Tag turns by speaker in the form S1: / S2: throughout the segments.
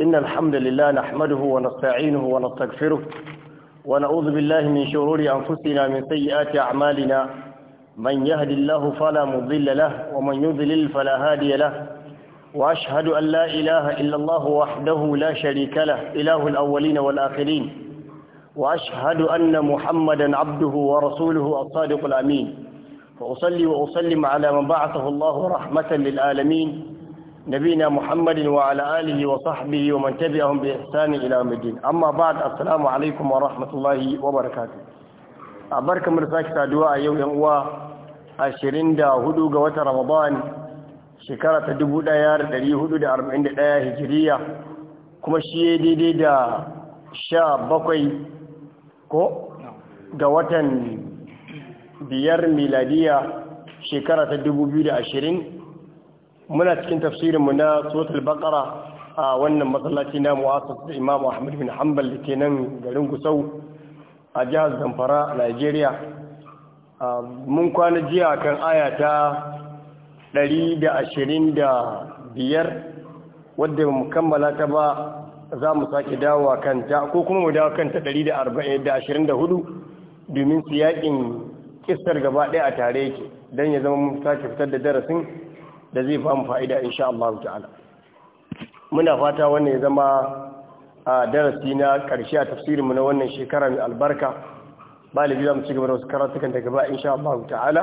S1: إن الحمد لله نحمده ونستعينه ونستغفره ونعوذ بالله من شرور أنفسنا من سيئات أعمالنا من يهد الله فلا مضل له ومن يضلل فلا هادي له وأشهد أن لا إله إلا الله وحده لا شريك له إله الأولين والآخرين وأشهد أن محمدا عبده ورسوله الصادق الأمين فأصلي وأسلم على من بعثه الله رحمة للعالمين نبينا محمد وعلى آله وصحبه ومن تبعهم بإحسان إلى مدين أما بعد السلام عليكم ورحمة الله وبركاته أبارك مرساك سادواء يوم يوم ashirin da hudu ga watan ramadan shekara ta dubu daya da dari hudu da arba'in da daya hijiriya kuma shi ya daidai da sha bakwai ko ga watan biyar miladiya shekara ta muna cikin tafsirin mu na suratul bakara a wannan masallaci na mu'assas da Imam Ahmad bin Hanbal da ke nan garin Gusau a jihar Zamfara a mun kwana jiya kan aya ta 125 wadda mu kammala ta ba za mu sake dawowa kanta ko kuma mu dawo kanta 124 domin siyakin kistar gaba ɗaya a tare yake don ya zama mun sake fitar da darasin da zai famu fa'ida sha Allah ta'ala muna fata wannan ya zama a darasi na ƙarshe a tafsirinmu na wannan shekara mai albarka balibi za mu ci gaba da wasu karatukan daga ba sha Allah ta'ala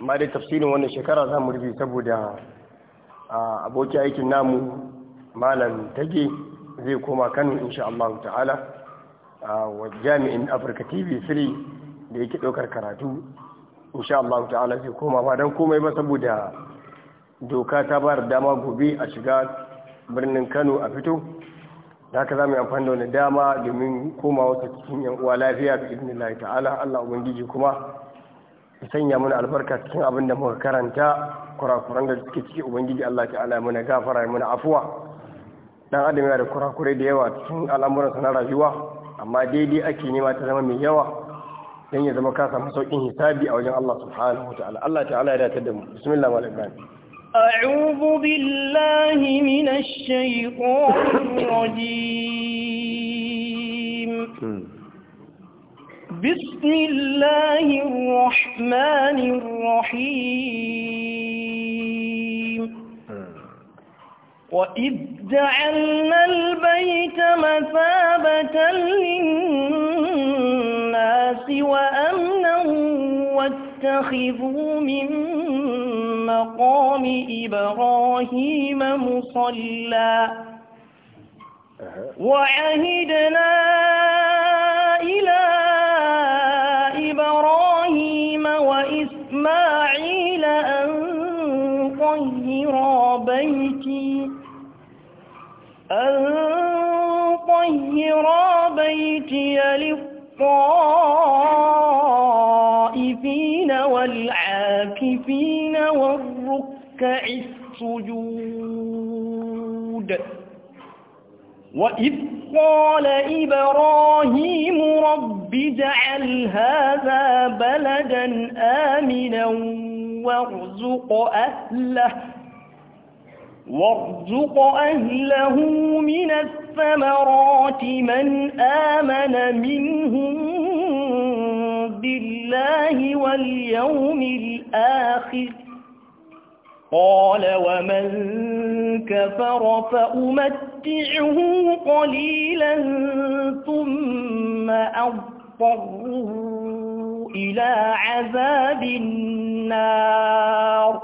S1: amma dai tafsirin wannan shekara za mu rufe saboda abokin aikin namu malam tage zai koma kano sha Allah ta'ala wa jami'in Afirka TV 3 da yake ɗaukar karatu sha Allah ta'ala zai koma ba don komai ba saboda doka ta ba da dama gobe a shiga birnin kano a fito da haka za mu yi amfani da wani dama domin koma wata cikin yan uwa lafiya izini lai ta'ala Allah ubangiji kuma ya sanya mana albarka cikin abin da muka karanta kurakuran da suke ciki ubangiji Allah ta'ala ya mana gafara ya mana afuwa dan adam yana da kurakurai da yawa cikin al'amuran sa na rayuwa amma daidai ake nema ta zama mai yawa dan ya zama ka samu saukin hisabi a wajen Allah subhanahu wa ta'ala Allah ta'ala ya dace da mu bismillah
S2: أعوذ بالله من الشيطان الرجيم بسم الله الرحمن الرحيم وإذ جعلنا البيت مثابة للناس وأمنا واتخذوا من مقام إبراهيم مصلى وعهدنا إلى إبراهيم وإسماعيل أن طهر بيتي أن طهر بيتي للطائفين الطائفين والعاكفين والركع السجود وإذ قال إبراهيم رب اجعل هذا بلدا آمنا وارزق أهله وارزق أهله من الثمرات من آمن منهم بالله واليوم الآخر قال ومن كفر فأمتعه قليلا ثم أضطره إلى عذاب النار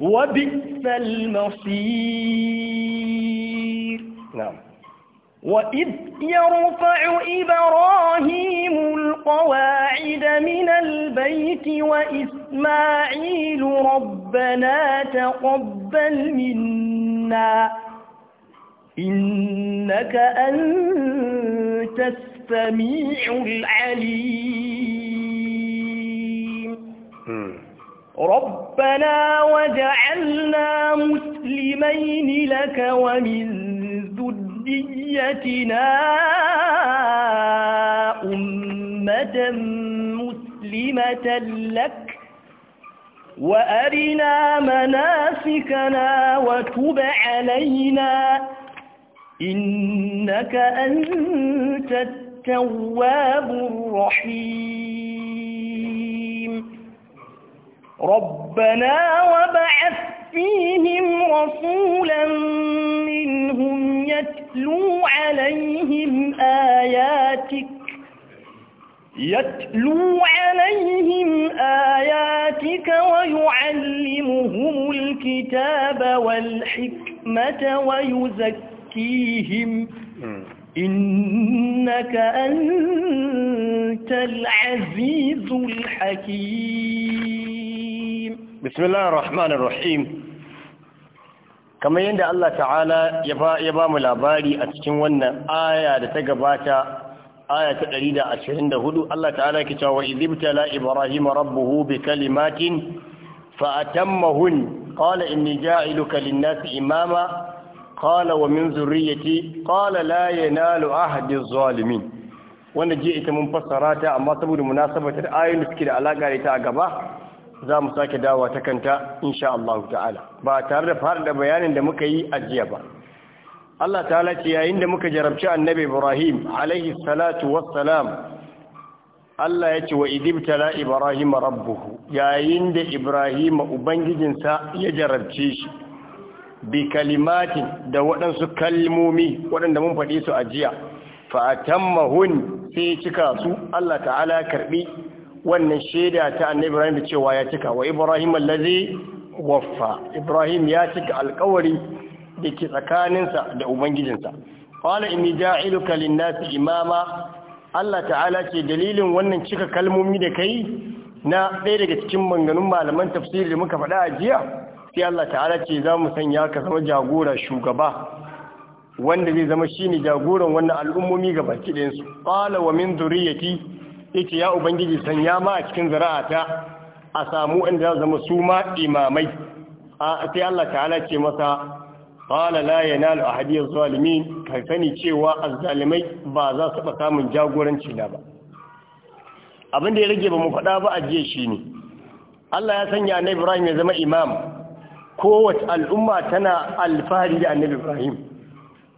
S1: وبئس
S2: المصير نعم وَإِذْ يَرْفَعُ إِبْرَاهِيمُ الْقَوَاعِدَ مِنَ الْبَيْتِ وَإِسْمَاعِيلُ رَبَّنَا تَقَبَّلْ مِنَّا إِنَّكَ أَنْتَ السَّمِيعُ الْعَلِيمُ رَبَّنَا وَجَعَلْنَا مُسْلِمَيْنِ لَكَ وَمِنْ ذريتنا أمة مسلمة لك وأرنا مناسكنا وتب علينا إنك أنت التواب الرحيم ربنا وبعث فيهم رسولا منهم يتلو عليهم آياتك
S1: يتلو
S2: عليهم آياتك ويعلمهم الكتاب والحكمة ويزكيهم إنك أنت العزيز الحكيم
S1: بسم الله الرحمن الرحيم kamar yadda Allah ta'ala ya ba mu labari a cikin wannan aya da ta gabata aya ta 124 Allah ta'ala ke cewa idibtala ibrahim rabbuhu bi kalimatin fa atammahun qala inni ja'iluka lin-nasi imama qala wa min zurriyyati qala la yanalu ahdi adh-dhalimin wanda ita mun fassara ta amma saboda munasabatar ayoyin da suke da alaka da ita a gaba za mu sake dawa ta kanta insha Allah ta'ala ba tare da fara da bayanin da muka yi ajiya ba Allah ta'ala ce yayin da muka jarabci annabi Ibrahim alaihi salatu wassalam Allah ya ce wa idibtala Ibrahim rabbuhu yayin da Ibrahim ubangijinsa ya jarabce shi bi kalimatin da waɗansu kalmomi waɗanda mun faɗi su ajiya fa atammahun sai cika su Allah ta'ala karbi wannan shaida ta annabi Ibrahim da cewa ya cika wa Ibrahim allazi waffa Ibrahim ya cika alƙawari da ke tsakaninsa da ubangijinsa qala inni ja'iluka lin-nasi imama Allah ta'ala ce dalilin wannan cika kalmomi da kai na ɗaya daga cikin manganun malaman tafsiri da muka faɗa a jiya sai Allah ta'ala ce za mu sanya ka zama jagora shugaba wanda zai zama shine jagoran wannan al'ummomi gabaki ɗayansu qala wa min dhurriyyati yace ya ubangiji sanya ma a cikin ta a samu inda ya zama su ma imamai a sai Allah ta'ala ce masa qala la yanalu ahadi az-zalimin kai sani cewa az-zalimai ba za su ba samun jagoranci na ba abin da ya rage ba mu faɗa ba a jiya ne. Allah ya sanya annabi Ibrahim ya zama imam kowace al'umma tana alfahari da annabi Ibrahim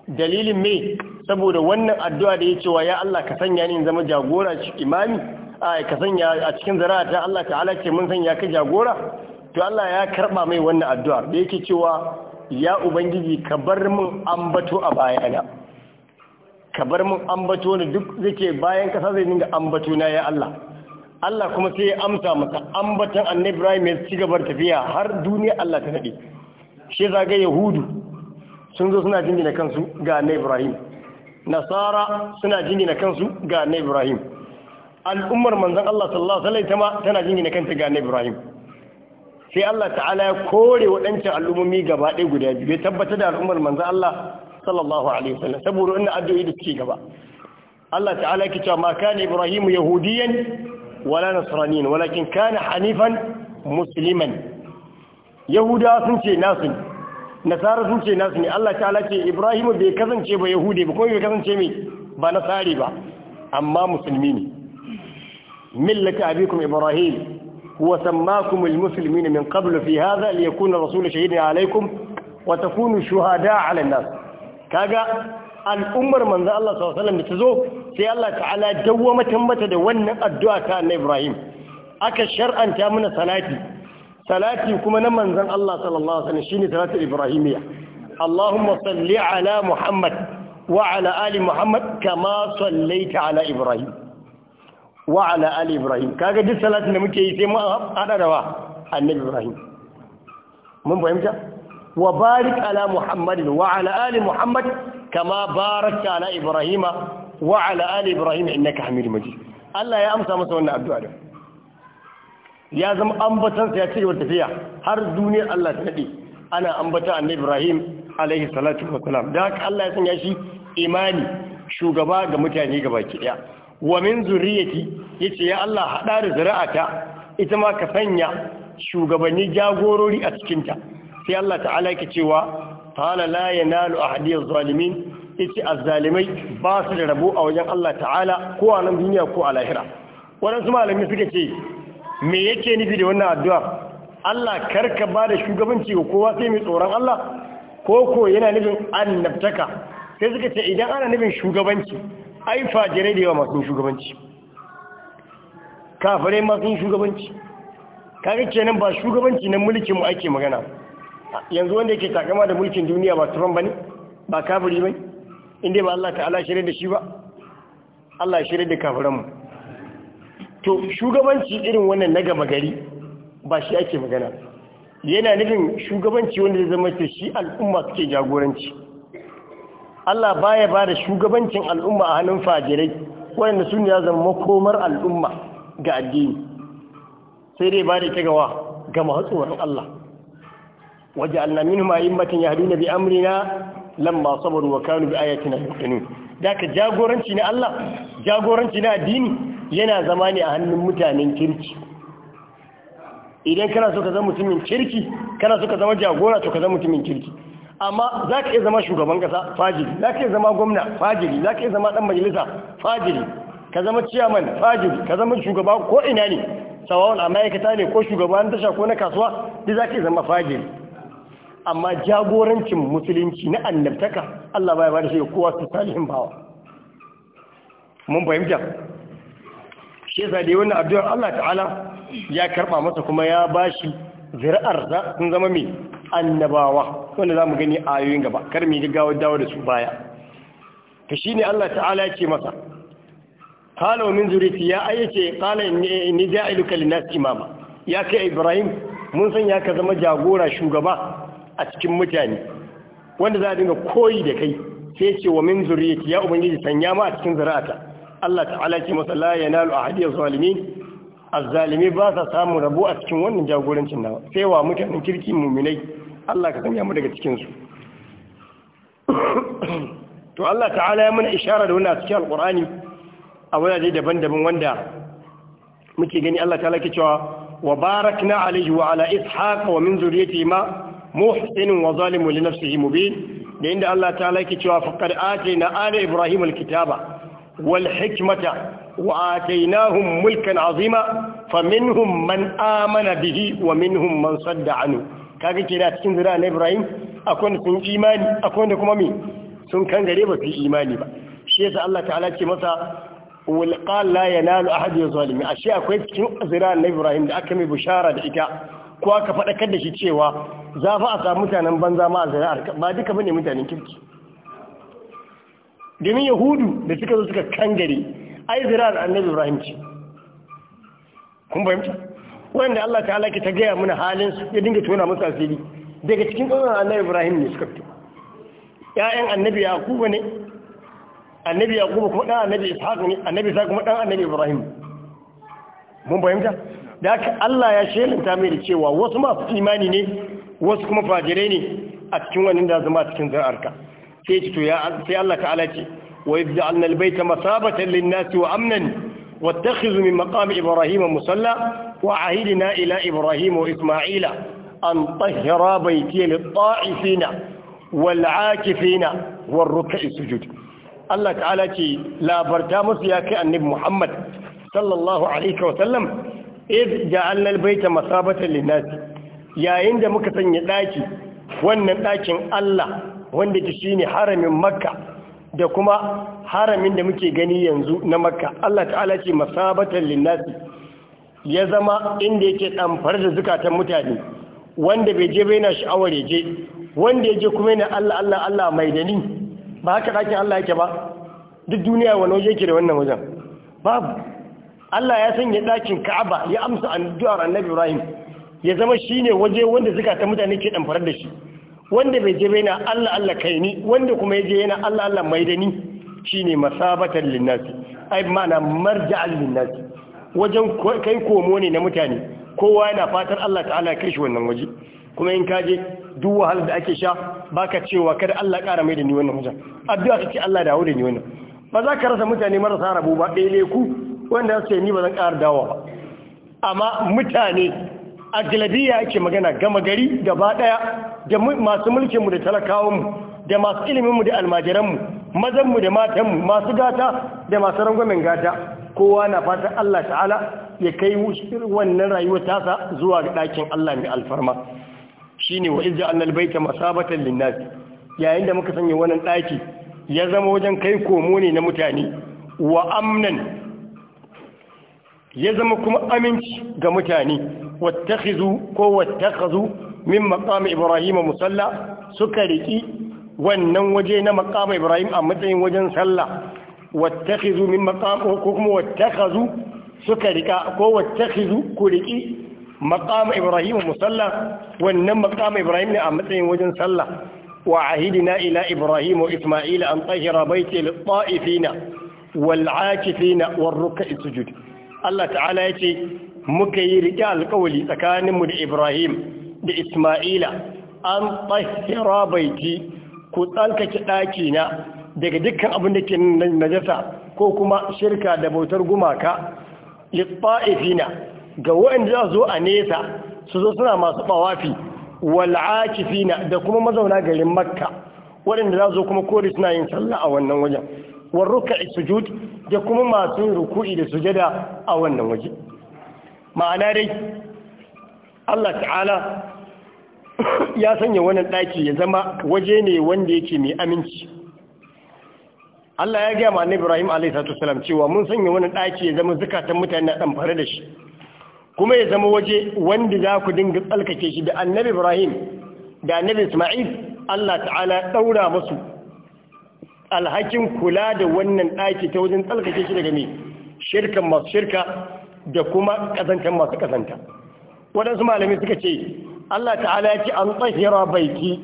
S1: dalilin me saboda wannan addu'a da ya cewa ya Allah ka sanya ni zama jagora shi imami a ka sanya a cikin ta Allah ala ce mun sanya ka jagora to Allah ya karba mai wannan addu'a da yake cewa ya ubangiji ka bar min ambato a bayana ka bar min ambato ne duk zake bayan kasa zai dinga ambato na ya Allah Allah kuma sai ya amsa masa ambaton annabi Ibrahim ya ci gaba tafiya har duniya Allah ta nade shi zaga yahudu sun zo suna jinjina kansu ga annabi Ibrahim nasara suna jingina kansu ga annabi ibrahim al'ummar manzon Allah sallallahu alaihi wasallam tana jingina kanta ga annabi ibrahim sai Allah ta'ala ya kore waɗancan al'ummomi gaba ɗaya guda biyu ya tabbatar da al'ummar manzan Allah sallallahu alaihi wasallam saboda wannan addu'o'i da suke gaba Allah ta'ala yake cewa ma kana Ibrahim yahudiyan wala nasraniyan walakin kana hanifan musliman yahuda sun ce nasu nasara sun ce nasu ne Allah ta'ala ce Ibrahim bai kasance ba Yahudi ba kuma bai kasance mai ba nasari ba amma musulmi ne millata abikum Ibrahim huwa sammakum almuslimin min qabl fi hadha liyakuna rasul shahidan alaykum wa takunu shuhada 'ala an-nas kaga al'ummar manzo Allah sallallahu alaihi wasallam ta zo sai Allah ta'ala dawwama mata da wannan addu'a ta Ibrahim aka shar'anta mana salati salati kuma na manzan Allah sallallahu alaihi shine salatul ibrahimiyya Allahumma salli ala Muhammad wa ala ali Muhammad kama sallaita ala Ibrahim wa ala ali Ibrahim kaga duk salatin da muke yi sai mu hada da wa annabi Ibrahim mun fahimta wa barik ala Muhammad wa ala ali Muhammad kama barakta ala Ibrahim wa ala ali Ibrahim innaka Hamid Majid Allah ya amsa masa wannan addu'a din ya zama ambatansa ya cigaba tafiya har duniyar Allah ta nade ana ambata annabi Ibrahim alaihi salatu Salam. da haka Allah ya sanya shi imani shugaba ga mutane ki daya wa min zuriyati yace ya Allah hada da zuri'ata ita ma ka sanya shugabanni jagorori a cikin ta sai Allah ta'ala yake cewa ta'ala la yanalu ahadi az-zalimin yace az-zalimai ba su da rabo a wajen Allah ta'ala ko a nan duniya ko a lahira waɗansu malami suka ce me yake nufi da wannan addu'a Allah karka ba da shugabanci ga kowa sai mai tsoron Allah ko ko yana nufin annabtaka sai suka ce idan ana nufin shugabanci ai fajirai da yawa masu shugabanci kafirai masu shugabanci kaga kenan ba shugabanci na mulkin mu ake magana yanzu wanda yake takama da mulkin duniya ba turan bane ba kafiri bane inda ba Allah ta'ala shirye da shi ba Allah shirye da kafiran mu to shugabanci irin wannan na gama gari ba shi ake magana yana nufin shugabanci wanda zai zama ce shi al'umma suke jagoranci Allah baya ba da shugabancin al'umma a hannun fajirai wanda sun ya zama makomar al'umma ga addini sai dai ba da ita gawa ga mahatsuwar Allah waje annamin yahudu na bi amrina lamma saboda wa kanu bi ayatina yuqinun da ka jagoranci na Allah jagoranci na addini yana zama ne a hannun mutanen kirki idan kana so ka zama mutumin kirki kana so ka zama jagora to ka zama mutumin kirki amma za ka iya zama shugaban kasa fajiri za ka iya zama gwamna fajiri za ka iya zama dan majalisa fajiri ka zama ciyaman fajiri ka zama shugaba ko ina ne sawawan a ma'aikata ne ko shugaban tasha ko na kasuwa duk za ka iya zama fajiri amma jagorancin musulunci na annabtaka Allah baya ba da shi kowa su salihin bawa mun fahimta shi yasa dai wannan addu'ar Allah ta'ala ya karba masa kuma ya bashi zira'ar za sun zama mai annabawa wanda zamu gani ayoyin gaba kar mu gaggawa dawo da su baya to shine Allah ta'ala ya ce masa qala min zuriyati ya ayace qala inni ja'iluka lin imama ya kai Ibrahim mun sanya ka zama jagora shugaba a cikin mutane wanda za a dinga koyi da kai sai ce wa min zuriyati ya ubangiji sanya ma a cikin zuri'ata Allah ta'ala ce masa la yanalu ahadiyya zalimin azzalimi ba sa samu rabo a cikin wannan jagorancin nawa sai wa mutanen kirki muminai Allah ka sanya mu daga cikin su to Allah ta'ala ya mana ishara da wannan cikin alqur'ani a wajaje daban-daban wanda muke gani Allah ta'ala ke cewa wa barakna alayhi wa ala ishaqa wa min zurriyyatihi ma muhsinun wa zalimun li nafsihi mubin da inda Allah ta'ala ke cewa faqad na ala ibrahim alkitaba والحكمة وآتيناهم ملكا عظيما فمنهم من آمن به ومنهم من صد عنه kaga ke cikin zira na Ibrahim akwai sun imani akwai da kuma me sun kan gare ba su imani ba shi yasa Allah ta'ala ce masa wal qal la yanalu ahad yuzalimi ashe akwai cikin zira Ibrahim da aka mai bishara da ita ko aka fadakar da shi cewa za fa a samu mutanen banza ma a zira ba duka bane mutanen kirki domin yahudu da suka zo suka kangare ai da annabi ibrahim ce kun fahimta wanda Allah ta'ala ke ta gaya mana halin su ya dinga tona musu asiri daga cikin tsohon annabi ibrahim ne suka fito yayan annabi yaquba ne annabi yaquba kuma dan annabi ishaq ne annabi ishaq kuma dan annabi ibrahim mun fahimta da haka Allah ya shelanta mai da cewa wasu masu imani ne wasu kuma fajirai ne a cikin wannan da zama cikin zararka sai ce to ya sai Allah ta'ala ce wa idza anna albayta masabatan lin-nasi wa amnan wattakhidhu min maqam ibrahim musalla wa ahidina ila ibrahima wa isma'ila an tahhira baytiya lit-ta'ifina wal-'akifina war-ruk'i sujud Allah ta'ala ce labarta musu ya kai annabi Muhammad sallallahu alaihi wa sallam idza ja'alna albayta masabatan lin yayin da muka sanya daki wannan dakin Allah wanda ke shine haramin makka da kuma haramin da muke gani yanzu na makka Allah ta'ala ce masabatan linnasi ya zama inda yake damfar da zukatan mutane wanda bai je baina na sha'awar ya je wanda ya je kuma yana Allah Allah Allah mai dani ba haka dakin Allah yake ba duk duniya wani waje yake da wannan wajen babu Allah ya sanya dakin Ka'aba ya amsa addu'ar Annabi Ibrahim ya zama shine waje wanda zukatan mutane ke damfar da shi wanda bai je bai na Allah Allah kai ni wanda kuma ya je yana Allah Allah mai da ni shine masabatan linnasi ai ma'ana marja'al linnasi wajen kai komo ne na mutane kowa yana fatar Allah ta'ala kai shi wannan waje kuma in kaje duk wahalar da ake sha baka cewa kada Allah ƙara mai da ni wannan wajen addu'a kace Allah dawo da ni wannan ba za ka rasa mutane marasa rabo ba ɗaya ku wanda su ce ni ba zan ƙara dawo ba amma mutane ajalabiya ake magana gama gari gaba daya da masu mulkinmu da talakawanmu da masu iliminmu da almajiranmu mazanmu da matanmu masu gata da masu rangwamin gata kowa na fata Allah ta'ala ya kai wannan rayuwar tasa zuwa ga ɗakin Allah mai alfarma Shi shine wa izza annal baita masabatan linnas yayin da muka sanya wannan ɗaki ya zama wajen kai komo ne na mutane wa amnan ya zama kuma aminci ga mutane wattakhizu ko wattakhazu min maqami ibrahim musalla suka riki wannan waje na maqami ibrahim a matsayin wajen sallah wattakhizu min maqam ko kuma wattakhazu suka rika ko wattakhizu ku riki maqami ibrahim musalla wannan maqami ibrahim ne a matsayin wajen sallah wa ila ibrahim وعهدنا إلى إبراهيم وإسماعيل أن طهر بيتي للطائفين والعاكفين والركع السجود allah تعالى يتي muka yi riƙe alƙawali tsakaninmu da Ibrahim da Ismaila an tsahira baiti ku ɗaki ɗakina daga dukkan abin da ke najasa ko kuma shirka da bautar gumaka litta'ifina ga waɗanda za zo a nesa su zo suna masu ɓawafi wal'akifina da kuma mazauna garin makka waɗanda za zo kuma kori suna yin sallah a wannan wajen warruka sujud da kuma masu ruku'i da sujada a wannan waje ma'ana dai Allah ta'ala ya sanya wannan ɗaki ya zama waje ne wanda yake mai aminci Allah ya gaya ma annabi Ibrahim alaihi cewa mun sanya wannan ɗaki ya zama zukatan mutane na dan fara da shi kuma ya zama waje wanda za ku dinga tsalkake shi da annabi Ibrahim da annabi Isma'il Allah ta'ala ɗaura musu alhakin kula da wannan ɗaki ta wajen tsalkake shi daga ne, shirkan masu shirka da kuma kazantar masu kazanta waɗansu malamai suka ce Allah ta'ala ya ce an tsahira baiki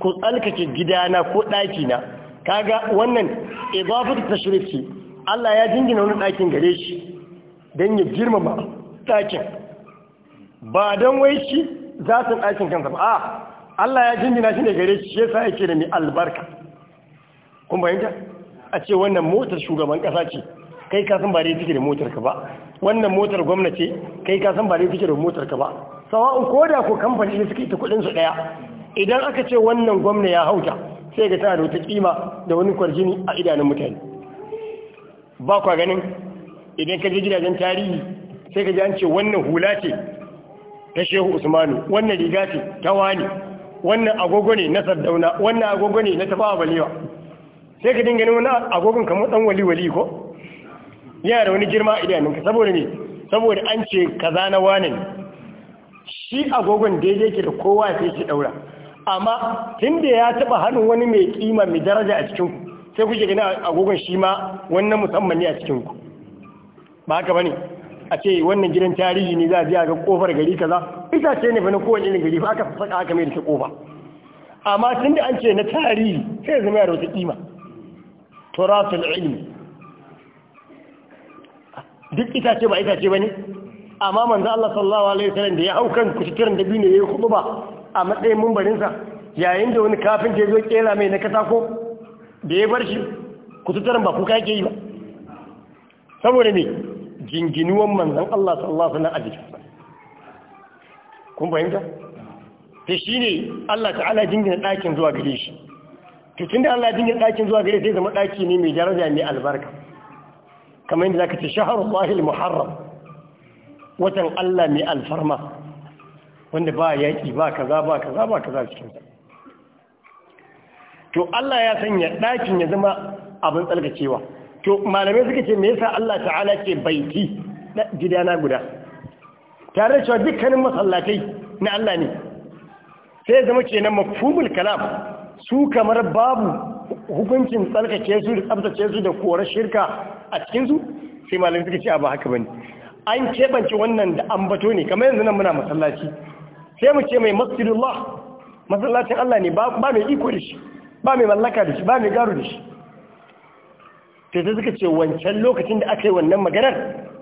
S1: ku tsalkace gidana ko ɗakina kaga wannan idafatu tashrif ce Allah ya jingina wani ɗakin gare shi don ya girmama ɗakin ba don wai shi za su ɗakin kansa ba Allah ya jingina shi ne gare shi sa yake da mai albarka kun bayanta a ce wannan motar shugaban ƙasa ce kai kasan ba dai take da motar ka ba wannan motar gwamnati kai ka san ba dai kike da motar ka ba sawa'un ko da ko kamfani ne suka ita kudin su daya idan aka ce wannan gwamna ya hauta sai ga tana da wata kima da wani kwarjini a idanun mutane ba kwa ganin idan ka je gidajen tarihi sai ka ji an ce wannan hula ce ta shehu usmanu wannan riga ce ta wani wannan agogo ne na sardauna wannan agogo ne na tafawa baliwa sai ka dinga wani agogon kamar dan wali wali ko yana da wani girma a idanunka saboda ne saboda an ce kaza na wane ne shi agogon daidai ke da kowa sai shi daura amma tun da ya taba hannun wani mai kima mai daraja a cikinku sai kuke gani agogon shi ma wannan musamman ne a cikinku ba haka ne a ce wannan gidan tarihi ne za a je a ga kofar gari kaza itace ne fa na kowane irin gari ba aka saka aka mai da ta kofa amma tun da an ce na tarihi sai zama ya wata kima turatul ilmi duk itace ba itace ba ne amma manzo Allah sallallahu alaihi wasallam da ya hau kan kuturan da bine yayi kudu ba a matsayin mumbarin sa yayin da wani kafin ke zo kera mai na katako da ya bar shi kuturan ba kuka yake yi ba saboda me jinginuwan manzon Allah sallallahu alaihi wasallam a jikin kun fahimta shi ne Allah ala jingina ɗakin zuwa gare shi to da Allah jingina ɗakin zuwa gare sai zama ɗaki ne mai daraja mai albarka kamar yadda zaka ce shaharullahi al-muharram watan Allah mai alfarma wanda ba yaki ba kaza ba kaza ba kaza cikin sa to Allah ya sanya ɗakin ya zama abin tsalkacewa to malamai suka ce me yasa Allah ta'ala ke baiti gidana guda tare da cewa dukkanin masallatai na Allah ne sai zama kenan mafhumul kalam su kamar babu hukuncin tsarkake su da tsabtace su da korar shirka a cikinsu sai malamai suka ce ba haka bane an keɓance wannan da an bato ne kamar yanzu nan muna masallaci sai mu ce mai masjidullah masallacin Allah ne ba mai iko da shi ba mai mallaka da shi ba mai garo da shi sai ta suka ce wancan lokacin da aka yi wannan maganar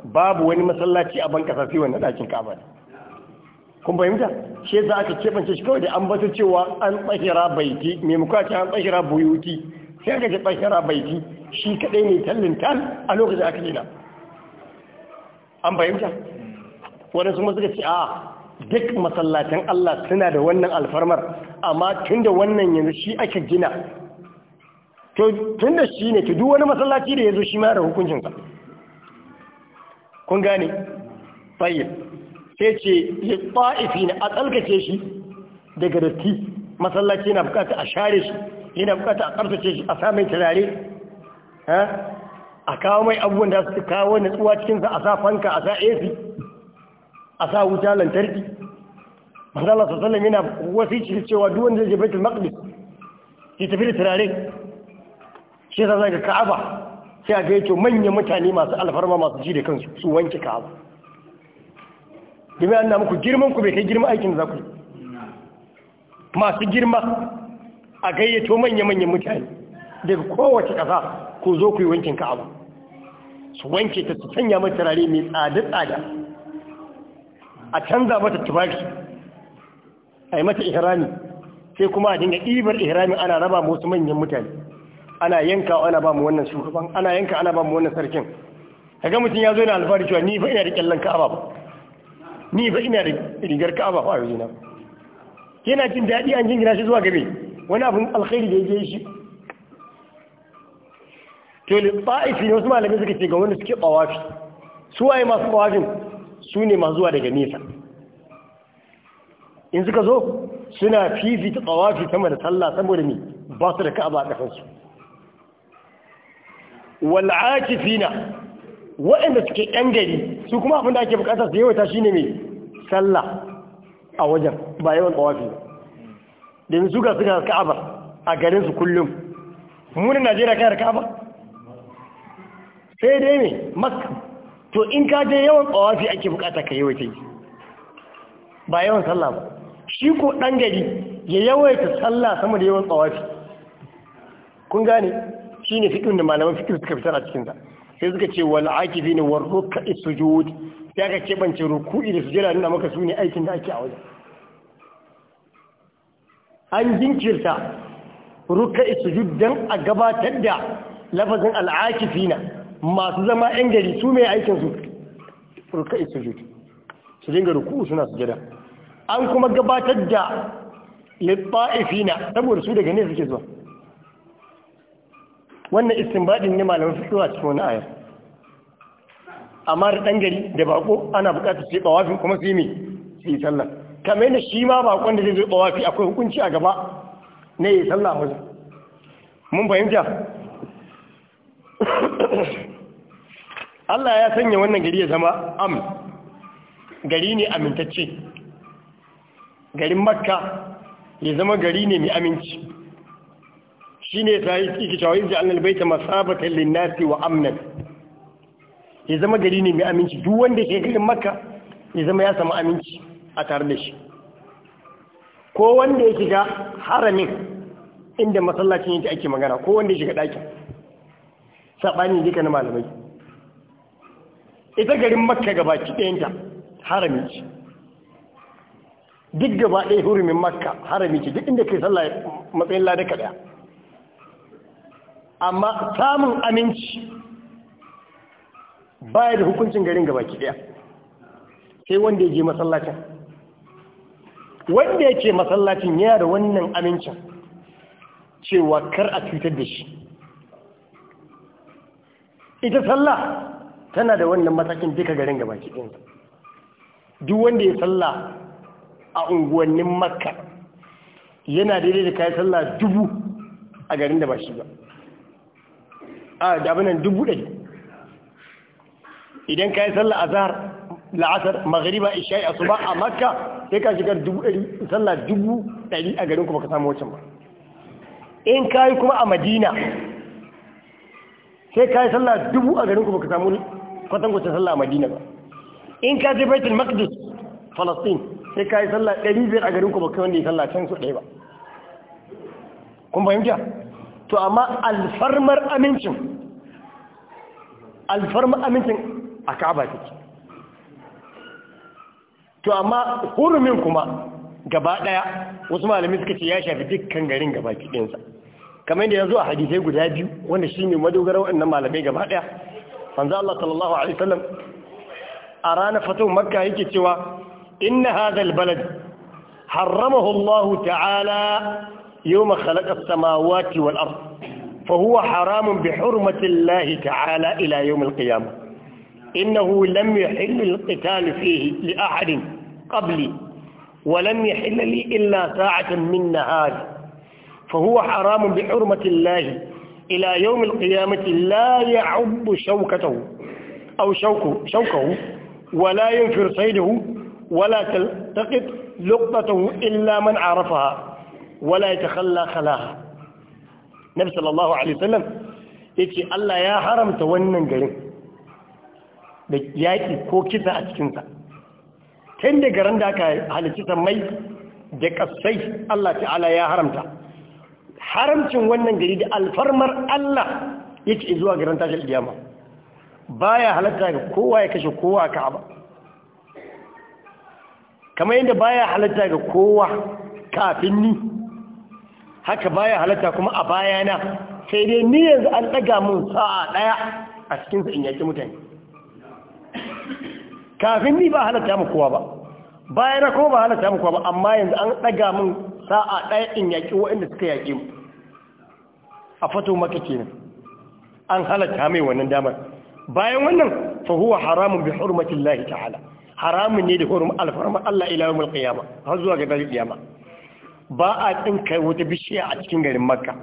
S1: babu wani masallaci a ban kasa sai wannan ɗakin ka'aba kun fahimta shi za aka kebance shi kawai da an bata cewa an tsahira baiti maimakon ce an tsahira buyuti sai aka ce tsahira baiti shi kadai ne tallin tal a lokacin aka nina an fahimta waɗansu masu suka ce a duk masallatan Allah suna da wannan alfarmar amma tun da wannan yanzu shi aka gina tun da shi ne duk wani masallaci da ya zo shi mara da hukuncinsa kun gane tsayin sai ce litta'ifina a tsalkace shi daga datti masallaci yana bukata a share shi yana bukata a tsarkace shi a samun mai turare a kawo mai abubuwan da su kawo natsuwa cikinsa a sa fanka a sa efi a sa wuta lantarki masala sassanin yana wasu cikin cewa duwan zai je baitul maqdis ya tafi da turare shi sa zaga ka'aba sai a gaito manyan mutane masu alfarma masu ji da kansu su wanke ka'aba domin an na muku girman ku bai kai girman aikin da za ku yi masu girma a gayyato manya-manyan mutane daga kowace ƙasa ku zo ku yi wankin ka'aba su wanke ta su sanya mata turare mai tsada-tsada a canza mata tubaki a yi mata ihrami sai kuma a dinga ɗibar ihrami ana raba wasu manyan mutane ana yanka ana ba mu wannan shugaban ana yanka ana ba mu wannan sarkin kaga mutum ya zo yana alfahari cewa ni ba ina da kyallon ka'aba ba ni ba ina rigar ka'aba fa yanzu na yana jin daɗi an jingina shi zuwa gabe wani abin alkhairi da ya je shi to ta'ifi ne wasu malamai suka ce ga wanda suke tsawafi su waye masu tsawafin su ne masu zuwa daga nesa in suka zo suna fifita tsawafi sama da sallah saboda ne ba su da ka'aba a ƙasansu wal'akifina waɗanda suke ɗan gari su kuma abinda ake bukata su yawata shi ne mai sallah a wajen ba yawan tsawafi da su ga suka ka'aba a garin su kullum munin najeriya kayar ka'aba sai dai ne maka to in ka je yawan tsawafi ake bukata ka yawata yi ba yawan sallah ba shi ko ɗan gari ya yawaita sallah sama da yawan tsawafi kun gane shi ne fikin da malaman fikin suka fitar a cikinsa sai suka ce wal akifina war ruk'i sujud sai aka kebance ruku'i da sujada nuna maka su ne aikin da ake a wajen an jinkirta ruk'i sujud dan a gabatar da lafazin al Fina. masu zama yan gari su mai aikin su ruk'i sujud su dinga ruku'u suna sujada an kuma gabatar da Fina saboda su daga ne suke zuwa wannan istinbadin ne malamin fiqh a cikin wani aya amma da ɗan gari da bako ana buƙatar sai ɓawafi kuma su yi mai su yi sallah kamar yadda shi ma bakon da zai zo ɓawafi akwai hukunci a gaba na ya sallah wajen mun fahimta Allah ya sanya wannan gari ya zama am gari ne amintacce garin makka ya zama gari ne mai aminci Shi ne ta yi ciki cewa yanzu annal baita masabatar linnasi wa amnan ya zama gari ne mai aminci duk wanda ke garin maka ya zama ya samu aminci a tare da shi ko wanda ya shiga haramin inda masallacin yake ake magana ko wanda ya shiga ɗakin saɓani duka na malamai ita garin makka gaba ɗayanta harami ce duk gaba ɗaya hurumin makka harami ce duk inda kai sallah matsayin ladaka ɗaya amma samun aminci baya da hukuncin garin gaba kiɗaya sai wanda ya je masallacin wanda ya ke masallacin yana da wannan amincin cewa kar a cutar da shi ita sallah tana da wannan matakin duka garin gaba ɗaya, duk wanda ya sallah a unguwannin makka yana daidai da kayan sallah dubu a garin da ba shi ba a dabinan dubu ɗai idan ka yi a zahar la'asar maghriba isha'i asuba a makka sai ka shigar dubu ɗari sallah dubu ɗari a garin kuma ka samu wancan ba in ka yi kuma a madina sai ka yi tsalla dubu a garin kuma ka samu kwatan tsalla a madina ba in ka zai baitin maqdis falastin sai ka yi tsalla ɗari biyar a garin kuma ka wanda yi tsalla can su ɗaya ba kun fahimta to amma alfarmar amincin alfarmar amincin a ka'aba take to amma hurumin kuma gaba daya wasu malami suka ce ya shafi dukkan garin gaba kiɗinsa kamar yadda yanzu a hadisai guda biyu wanda shi ne madogara waɗannan malamai gaba daya manzo Allah sallallahu alaihi wasallam a ranar fatuhu makka yake cewa inna hadha albalad haramahu Allah ta'ala يوم خلق السماوات والأرض فهو حرام بحرمة الله تعالى إلى يوم القيامة إنه لم يحل القتال فيه لأحد قبلي ولم يحل لي إلا ساعة من نهار فهو حرام بحرمة الله إلى يوم القيامة لا يعب شوكته أو شوكه, شوكه ولا ينفر صيده ولا تلتقط لقطته إلا من عرفها wala ya takhalla khalaha nabi sallallahu alaihi wasallam yace Allah ya haramta wannan garin da yaki ko kisa a cikin sa tun da garin da aka halicci mai da kasai Allah ta'ala ya haramta haramcin wannan gari da alfarmar Allah yake zuwa garin tashin kiyama baya halatta ga kowa ya kashe kowa a Ka'aba kamar yadda baya halatta ga kowa kafin ni haka baya halatta kuma a bayana sai dai ni yanzu an ɗaga mun sa'a ɗaya a cikin in yaki mutane kafin ni ba halatta mu kowa ba bayana kuma ba halatta mu kowa ba amma yanzu an ɗaga mun sa'a ɗaya in yaki waɗanda suka yaki mu a fato maka kenan an halatta mai wannan damar bayan wannan fa huwa haramun bi hurmatillahi ta'ala haramun ne da hurum alfarma Allah ila qiyamah har zuwa ga dalil qiyamah ba a tsinka wata bishiya a cikin garin makka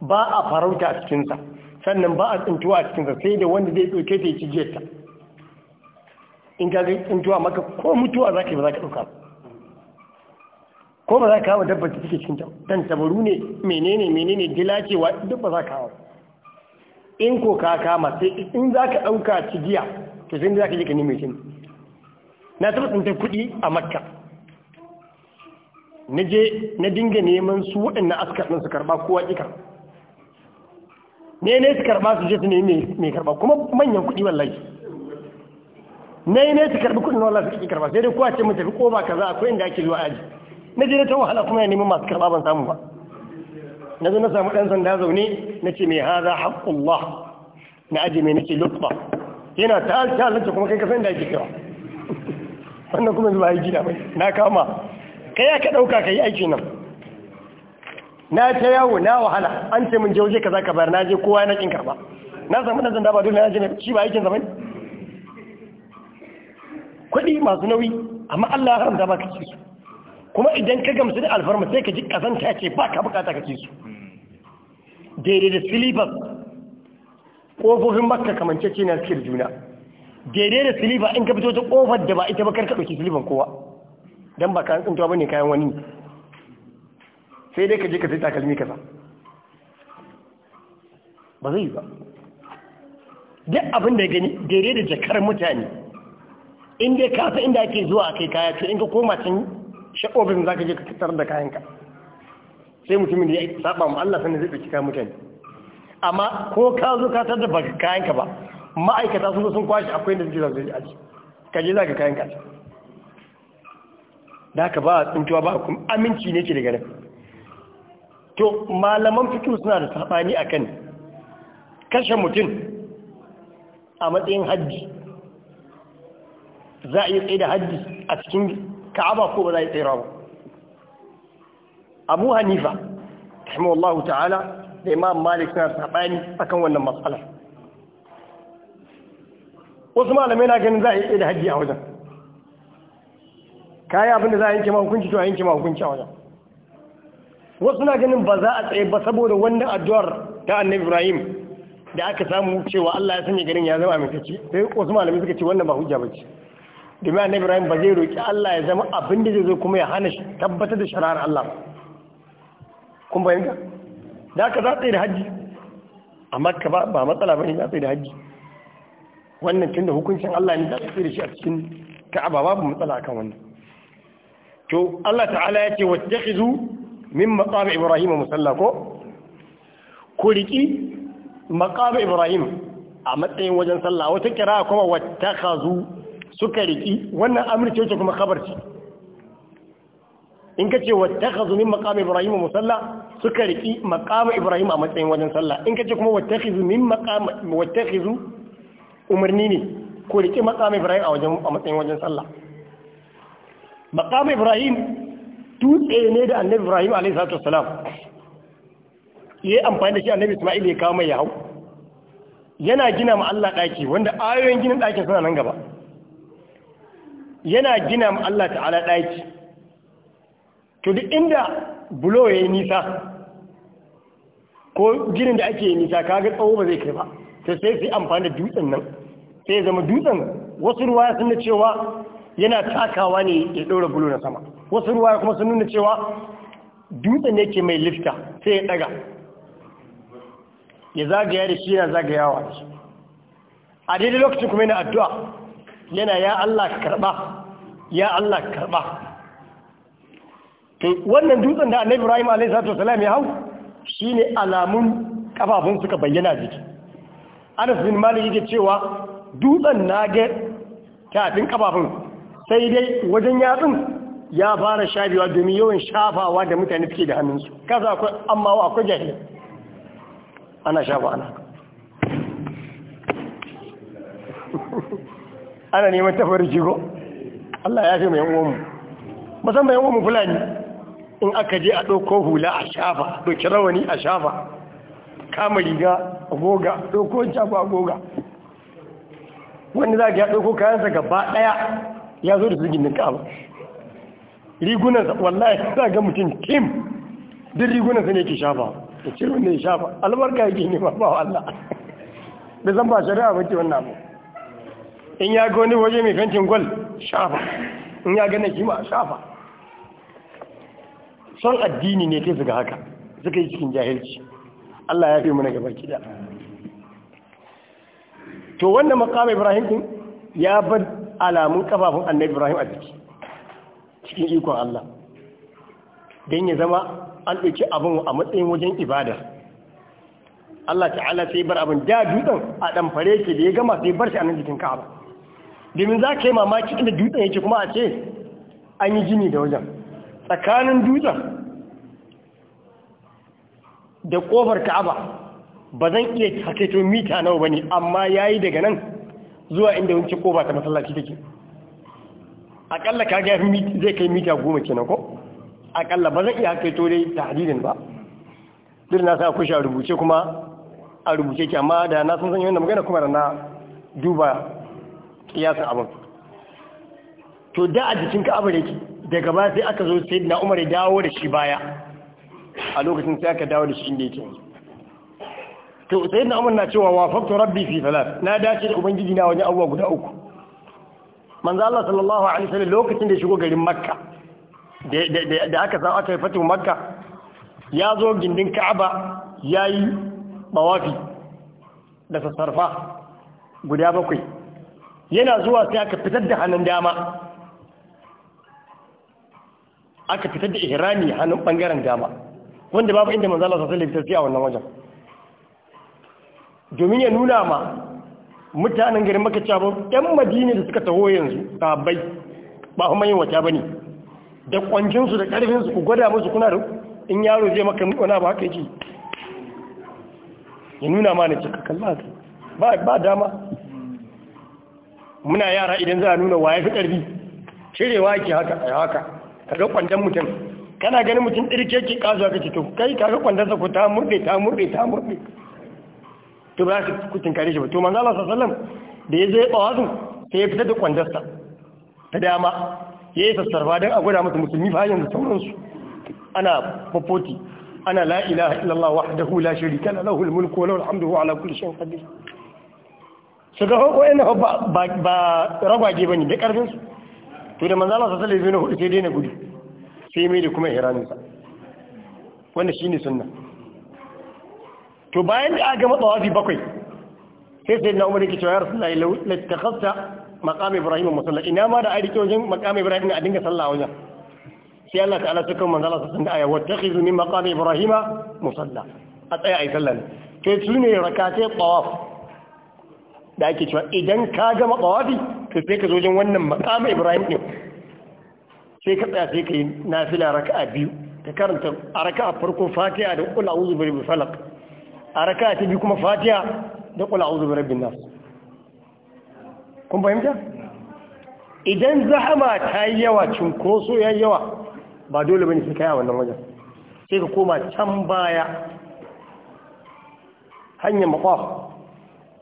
S1: ba a farauta a cikinsa sannan ba a tsintuwa a cikinsa sai da wanda zai ɗauke ta yi jiyarta in ka zai tsintuwa maka ko mutuwa za ka yi ba za ka ɗauka ko ba za ka hawa dabbar da suke cikinta don tabaru ne menene menene dilacewa duk ba za ka hawa in ko ka kama sai in za ka ɗauka jiya to sai za ka je ka neme shi na taɓa tsintar kuɗi a makka na je na dinga neman su waɗanda askar ɗin su karɓa kowa ƙi ne ne su karɓa su je su nemi mai karɓa kuma manyan kuɗi wallahi ne ne su karɓi kuɗin wallahi su ƙi karɓa sai dai kowa ce mu tafi ƙoba kaza akwai inda ake zuwa aji na je na ta wahala kuma ya neman masu karɓa ban samu ba na zo na samu ɗan sanda zaune na ce mai haza haƙƙullah na aji mai nake lutfa yana ta halta kuma kai ka san da ake kira wannan kuma zuwa yi gida bai na kama ka ya ka ɗauka ka yi aiki nan na ta yawo na wahala an ce min jauje ka za ka bayar na je kowa na ƙin karɓa na samu ɗan zanda ba dole na je shi ba aikin zamani kuɗi masu nauyi amma Allah ya haramta ba ka ci su kuma idan ka gamsu da alfarma sai ka ji ƙazanta ce ba ka bukata ka ci su daidai da silibas ƙofofin makka kamance ce na cikin juna daidai da silibas in ka fito ta ƙofar da ba ita ba kar ka ɗauki silifan kowa dan ba kayan tsintuwa bane kayan wani sai dai ka je ka sai takalmi kaza ba zai ba duk abin da gani daidai da jakar mutane inda ka san inda ake zuwa kai kaya to in ka koma can sha'obin ka je ka tattara da kayanka sai mutumin ya saba ma Allah sannan zai ɗauki kayan mutane amma ko ka zo ka tattara da kayanka ba ma'aikata sun sun kwashe akwai da suke zasu aji ka je kayan kayanka da haka ba a tsuntuwa ba kuma aminci ne ke daga nan to malaman fito suna da saɓani a kan kashe mutum a matsayin hajji za a yi tsaye da hajji a cikin ka'aba ko ba za a yi tsaye ba abu hanifa rahimahullahu ta'ala da imam malik suna da saɓani a kan wannan matsala wasu malamai na ganin za a yi tsaye da hajji a wajen kayi abinda za a yanke mahukunci to a yanke ma a wajen wasu na ganin ba za a tsaye ba saboda wannan addu'ar ta annabi ibrahim da aka samu cewa Allah ya sanya garin ya zama amintacci sai wasu malamai suka ce wannan ba hujja ba ce domin annabi ibrahim ba zai roki Allah ya zama abin da zai zo kuma ya hana shi tabbatar da shari'ar Allah kun bayyana da aka za tsaye da hajji? amma ka ba matsala ne za tsaye da hajji. wannan tunda hukuncin Allah ne za tsaye da shi a cikin ka'aba babu matsala akan wannan to Allah ta'ala ya ce wattakhizu min maqam ibrahim musalla ko ku riki maqam ibrahim a matsayin wajen sallah wata kira kuma wattakhazu suka riki wannan amurce ce kuma khabar ce in kace wattakhazu min maqam ibrahim musalla suka riki maqam ibrahim a matsayin wajen sallah in ka ce kuma wattakhizu min maqam wattakhizu umarni ne ku riki maqam ibrahim a matsayin wajen sallah maqam ibrahim tutse ne da annabi ibrahim alaihi salatu wassalam yayi amfani da shi annabi isma'il ya kawo mai ya yana gina ma Allah daki wanda ayoyin ginin dakin suna nan gaba yana gina ma Allah ta'ala daki to duk inda bulo yayi nisa ko ginin da ake nisa kaga tsawo ba zai kai ba to sai sai amfani da dutsen nan sai ya zama dutsen wasu ruwa sun da cewa yana takawa ne ya ɗora bulo na sama wasu ruwa kuma sun nuna cewa dutsen ne ke mai lifta sai ya ɗaga ya zagaya da shi yana zagayawa shi a daidai lokacin kuma yana addu'a yana ya Allah karɓa ya Allah karɓa wannan dutsen da annabi ibrahim Salam ya hau shi ne alamun kafafun suka bayyana jiki anas bin yake cewa dutsen na ga tafin kafafun sai dai wajen yatsun ya fara shafiwa domin yawan shafawa da mutane suke da hannunsu kasa akwai amma akwai jahil ana shafa ana ana neman tafari jigo Allah ya fi mai uwanmu musan mai uwanmu fulani in aka je a ɗauko hula a shafa ɗauki rawani a shafa kama riga a goga ɗauko shafa a goga wanda za a ya ɗauko kayansa gaba ɗaya ya zo da zugin din ka'aba rigunansa wallahi za ga mutum tim duk rigunansa ne ke shafa da ciro ne shafa albarka yake nema ba Allah da zan ba shari'a ba ke wannan abu in ya ga wani waje mai fentin gwal shafa in ya gane kima shafa son addini ne ke suka haka suka yi cikin jahilci Allah ya fi mana gaba kida to wannan makamu ibrahim ya bar alamun kafafun annabi ibrahim a jiki cikin ikon allah don ya zama an ɗauki abin a matsayin wajen ibada allah ta'ala sai bar abin da dutsen a ɗamfare ke da ya gama sai bar shi a nan jikin ka'aba domin za ka yi mamaki inda dutsen yake kuma a ce an yi gini da wajen tsakanin dutsen da ƙofar ka'aba ba zan iya hakaito mita nawa ba ne amma ya yi daga nan zuwa inda ko ba ta masallaci take akalla ka ga zai kai mita goma kenan ko akalla ba zan iya kai to dai tahdidin ba duk na sa ku sha rubuce kuma a rubuce ki amma da na san san yanda magana kuma na duba kiyasan abin to da a jikin ka abu yake daga ba sai aka zo sayyidina Umar ya dawo da shi baya a lokacin sai aka dawo da shi inda yake to sai na umar na cewa wafaftu rabbi fi salat na dace da ubangiji na wajen abuwa guda uku manzo Allah sallallahu alaihi wasallam lokacin da shigo garin makka da aka san aka fatu makka ya zo gindin ka'aba yayi bawafi da sassarfa guda bakwai yana zuwa sai aka fitar da hannun dama aka fitar da ihrami hannun bangaren dama wanda babu inda manzo Allah sallallahu alaihi wasallam ya fitar a wannan wajen domin ya nuna ma mutanen garin maka cewa ɗan madina da suka taho yanzu bai. ba kuma yin wata ba ne. da ƙwancinsu da ƙarfinsu ku gwada musu kuna da in yaro zai maka wani ba haka yake ya nuna ma na cika kalla ba ba dama muna yara idan za a nuna waye fi ƙarfi cirewa ke haka a haka ga kwandon mutum kana ganin mutum ɗirke ke kasuwa ka ce to kai ka kwandon sa ko ta murɗe ta murɗe ta murɗe to ba ka ku kare shi ba to manzo Allah sallallahu alaihi wasallam da ya zai bawazin sai ya fita da kwandarsa ta dama ya yi sassarfa don a gwada musu musulmi fa yanzu sauransu ana fafoti ana la ilaha illallah wahdahu la sharika lahu al-mulku wa lahu al-hamdu ala kulli shay'in qadir shiga hoko ina ba ba ragwaje ba ne da su to da manzo Allah sallallahu alaihi wasallam sai dai na gudu sai mai da kuma hiraninsa wanda shi ne sunna to bayan da aka gama tsawafi bakwai sai sai na umar yake cewa ya rasu lai lattakhasta maqam ibrahim musalla ina ma da aiki wajen maqam ibrahim a dinga sallah wajen sai Allah ta ala suka manzo Allah sun da aya wattakhizu min maqam ibrahim musalla a tsaya ai sallah ne sai su ne rakatai tawaf da ake cewa idan ka ga matsawafi to sai ka zo wajen wannan maqam ibrahim din sai ka tsaya sai ka yi nafila raka'a biyu ka karanta a raka'a farko fatiha da qul a'udhu bi falaq a raka ta biyu kuma Fatiya da kula a bi rabin nasu kun fahimta idan zahama ta yi yawa cunkoso ya yi yawa ba dole bane sai kaya wannan wajen sai ka koma can baya hanyar makwaf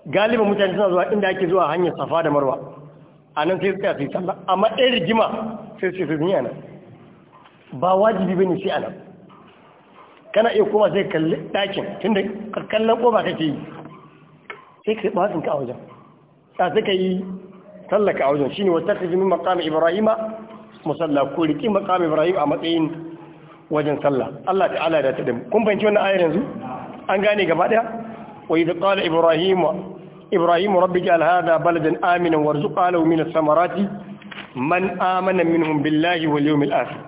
S1: galibin mutane suna zuwa inda ake zuwa hanyar safa da marwa a nan sai suka fi sallah amma ɗaya rigima sai su fi ba wajibi bane sai a nan kana iya koma sai kalli ɗakin tunda kallon ƙofa kake yi sai ka ba ka a wajen ta ka yi tallaka a wajen shine wata tafi min maqam ibrahima musalla ko riki ibrahim a matsayin wajen sallah Allah ta'ala da ta dimu kun fahimci wannan ayar yanzu an gane gaba ɗaya. wa idh qala ibrahim ibrahim rabbi ja'al alhada baladan aminan warzuq min Samarati, man amana minhum billahi wal yawmil akhir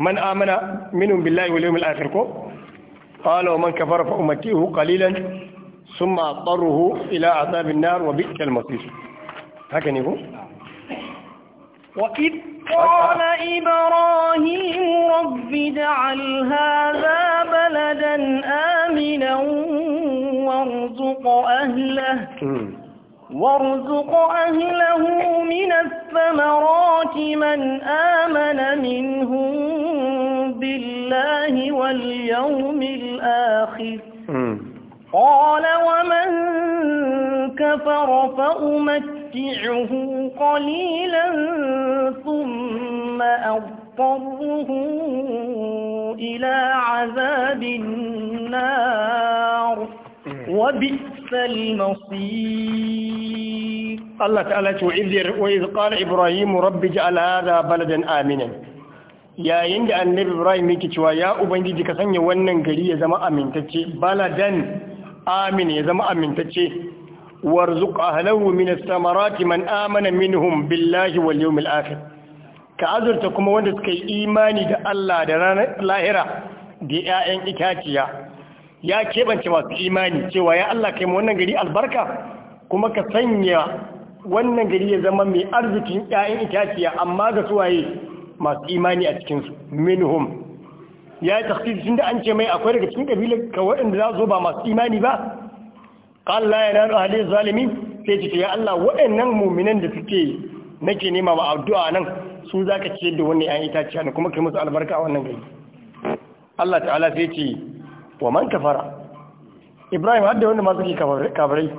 S1: من آمن منهم بالله واليوم الآخر كو قال ومن كفر فأمتيه قليلا ثم أضطره إلى عذاب النار وبئس المصير هكذا يقول
S2: وإذ قال إبراهيم رب اجعل هذا بلدا آمنا وارزق أهله وارزق أهله من الثمرات من آمن منهم بالله واليوم الآخر قال ومن كفر فأمتعه قليلا ثم أضطره إلى عذاب النار وبئس Allah
S1: ta'ala ce wa izir wa izƙar Ibrahim rabbi ji al’ada baladin aminin yayin da annabi Ibrahim yake cewa ya Ubangiji ka sanya wannan gari ya zama amintacce baladin Amina ya zama amintacce warzuk ahlahu min as-samarati man amana minhum billahi wal yawmil akhir ka azurta kuma wanda suka yi imani da Allah da ranar lahira da 'ya'yan itaciya ya keɓance masu imani cewa ya Allah kai mu wannan gari albarka kuma ka sanya wannan gari ya zama mai arzikin ƴaƴan itaciya amma ga suwaye masu imani a cikin minhum ya yi tafsirin da an ce mai akwai daga cikin ƙabila ka waɗanda za zo ba masu imani ba Allah ya nanu hadin zalimi sai ce ya Allah waɗannan muminan da suke nake nema ma addu'a nan su za ka ce da wannan ƴaƴan itaciya kuma kai musu albarka a wannan gari Allah ta'ala sai ce wa man kafara ibrahim hadda wanda ma suke kafirai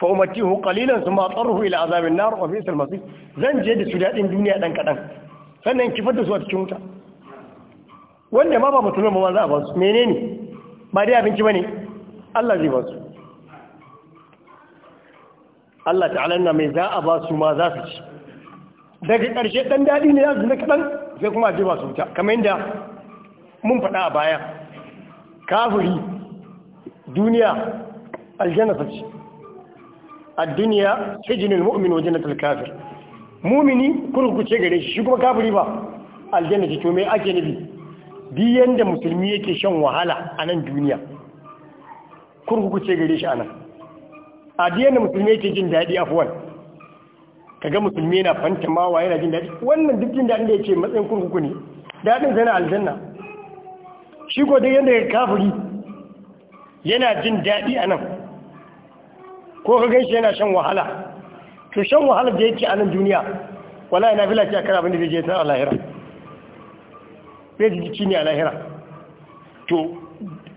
S1: fa umatihu qalilan thumma atarruhu ila azabin nar wa bisal masir zan je da su dadin duniya dan kadan sannan kifar da su a cikin wuta wanda ma ba musulman ba za a ba su menene ba dai abinci bane Allah zai ba su Allah ta'ala na mai za a ba su ma za su ci daga ƙarshe ɗan daɗi ne za su na kaɗan sai kuma a je ba su wuta kamar yadda mun faɗa a baya kafiri duniya aljanna ce ad-dunya mu'min wa jannatul kafir mumini kurkuce gare shi kuma kafiri ba aljanna ce to me ake nabi bi yanda musulmi yake shan wahala a nan duniya kurkuce gare shi a nan a yanda musulmi yake jin daɗi afwan kaga musulmi yana fantamawa yana jin daɗi wannan duk jin daɗin da yake matsayin kurkuku ne daɗin zana aljanna shi ko dai yadda ya kafiri yana jin daɗi a nan ko ka shi yana shan wahala to shan wahala da yake a nan duniya wala yana fila lafiya a kan abin da zai je ta alahira lahira ji jiki ne alahira lahira to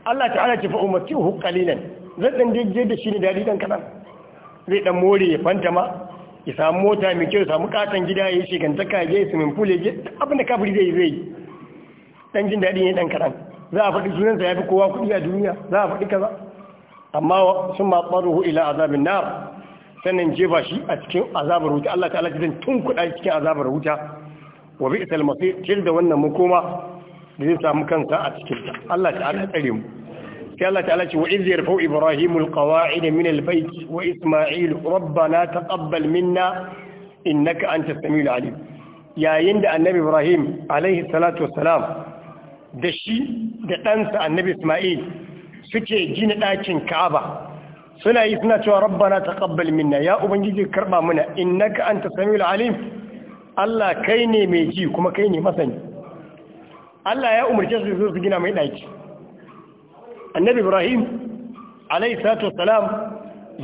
S1: Allah ta'ala ce fa umarci uhu kalilan zai ɗan daidai da shi ne daɗi ɗan kaɗan zai ɗan more ya fanta ma ya samu mota mai kyau samu katon gida ya yi shigantaka ya yi sumin fule abin da kafiri zai zai ɗan jin daɗi ne ɗan kaɗan za a faɗi sunansa ya fi kowa kuɗi a duniya za a faɗi kaza amma sun ma ɓaruhu ila azabin na. sannan jefa shi a cikin azabar wuta Allah ta'ala zan tun kuɗa cikin azabar wuta wa bi isal masir til da wannan makoma da zai samu kansa a cikin ta Allah ta'ala tsare mu sai Allah ta'ala ce wa iz yarfau ibrahimul qawa'id min al wa isma'il rabbana taqabbal minna innaka antas samiul alim yayin da annabi ibrahim alaihi salatu wassalam da shi da ɗansa annabi Ismail suke gina ɗakin Ka'aba suna yi suna cewa rabbana taqabbal minna ya ubangiji karba muna innaka anta samiul alim Allah kai ne mai ji kuma kai ne masani Allah ya umarce su su gina mai ɗaki annabi Ibrahim alayhi salatu wassalam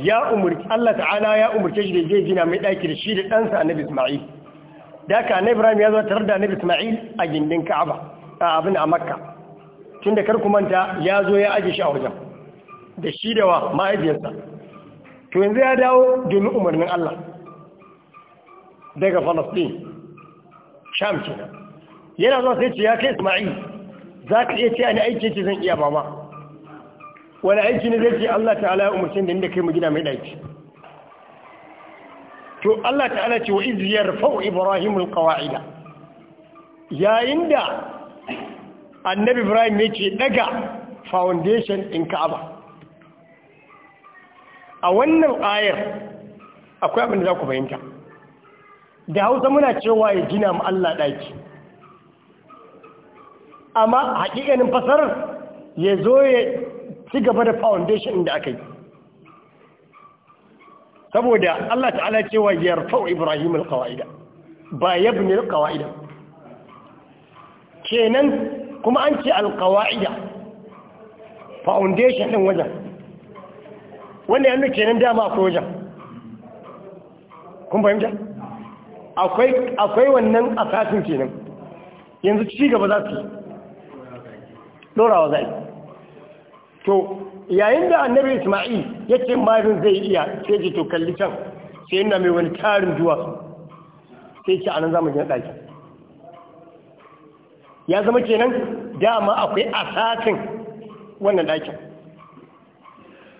S1: ya umarci Allah ta'ala ya umarce shi da je gina mai ɗaki da shi da ɗansa annabi Ismail da ka annabi Ibrahim ya zo tare da annabi Ismail a gindin Ka'aba a abin a makka tun da manta ya zo ya ajiye shi a wajen da shi da wa ma'aibiyarsa to yanzu ya dawo domin umarnin Allah daga falastin sham kenan yana zuwa sai ce ya kai isma'il za ka iya ce a ni aiki ce zan iya baba wani aiki ne zai ce Allah ta'ala ya umarci da inda kai mu gina mai daiki to Allah ta'ala ce wa iz yarfa'u ibrahimul qawa'ida yayin da annabi ibrahim yake daga foundation ɗin ka'aba a wannan ayar akwai abin da za ku fahimta da hausa muna cewa ya gina mu Allah ɗaki amma haƙiƙanin fasar ya zo ya ci gaba da foundation da aka yi saboda Allah ta'ala cewa ya rufau Ibrahim al-Qawaida ba ya al-Qawaida kenan kuma an ce alkawa'ida foundation ɗin wajen wanda yanzu kenan dama akwai wajen kun fahimta akwai wannan asasin kenan yanzu ci gaba za su yi ɗorawa za to yayin da annabi ismail ya ce marin zai iya ce ji to kalli can sai yana mai wani tarin duwa. sai ce a nan zamu gina ɗakin ya zama kenan dama akwai asasin wannan ɗakin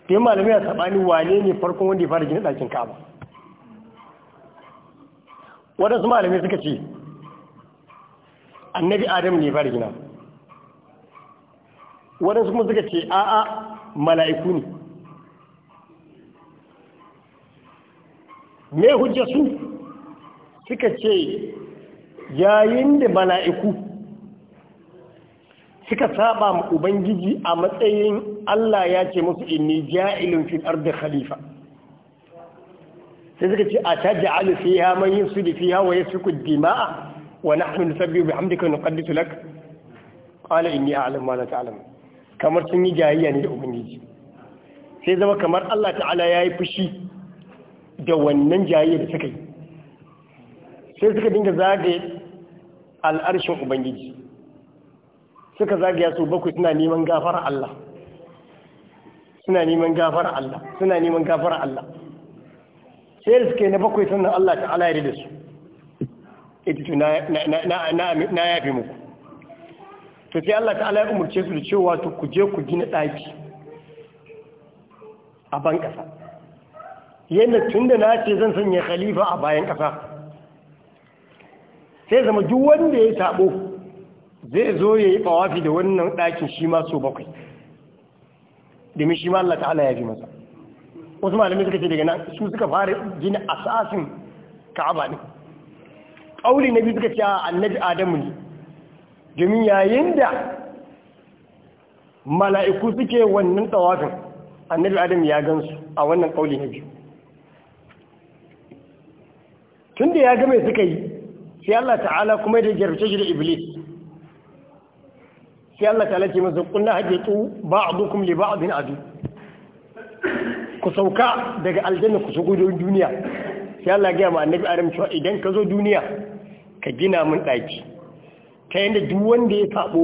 S1: da yi malamai a saɓani wane ne farkon wanda ya fara gina ɗakin kama? waɗansu malamai suka ce annabi adam ne ya fara gina waɗansu kuma suka ce a'a mala'iku ne mai hujjasu suka ce yayin da mala'iku suka saba ma ubangiji a matsayin Allah ya ce musu inni ja'ilun fil ardi khalifa sai suka ce a taj'alu fiha man yusidu fiha wa yasfiku dima'a wa nahnu nusabbihu bihamdika wa nuqaddisu lak qala inni a'lamu ma la ta'lamu kamar sun yi jayayya ne da ubangiji sai zama kamar Allah ta'ala yayi fushi da wannan jayayya da suka yi sai suka dinga zagaye al'arshin ubangiji suka zagaya su bakwai suna neman gafara Allah suna neman gafara Allah suna neman gafara Allah sai da suke na bakwai sannan Allah ta'ala ya da su ita na yafe muku to sai Allah ta'ala ya umarce su da cewa to ku je ku gina ɗaki a ban ƙasa yadda tun da na ce zan sanya khalifa a bayan ƙasa sai zama duk wanda ya taɓo zai zo ya yi ɓawafi da wannan ɗakin shi ma so bakwai domin shi ma Allah ta'ala ya fi masa wasu malamai suka ce daga nan su suka fara gina asasin ka'aba ne ƙauli na biyu suka ce a annabi adamu ne domin yayin da mala'iku suke wannan tsawafin annabi adamu ya su a wannan ƙauli na biyu tun da ya ga mai suka yi sai Allah ta'ala kuma da jarumce shi da iblis sai Allah ta lace a kunna hajitu ba'dukum li ba'din adu ku sauka daga aljanna ku shigo duniya sai Allah gaya ma annabi Adam cewa idan ka zo duniya ka gina mun daki ta yadda duk wanda ya taɓo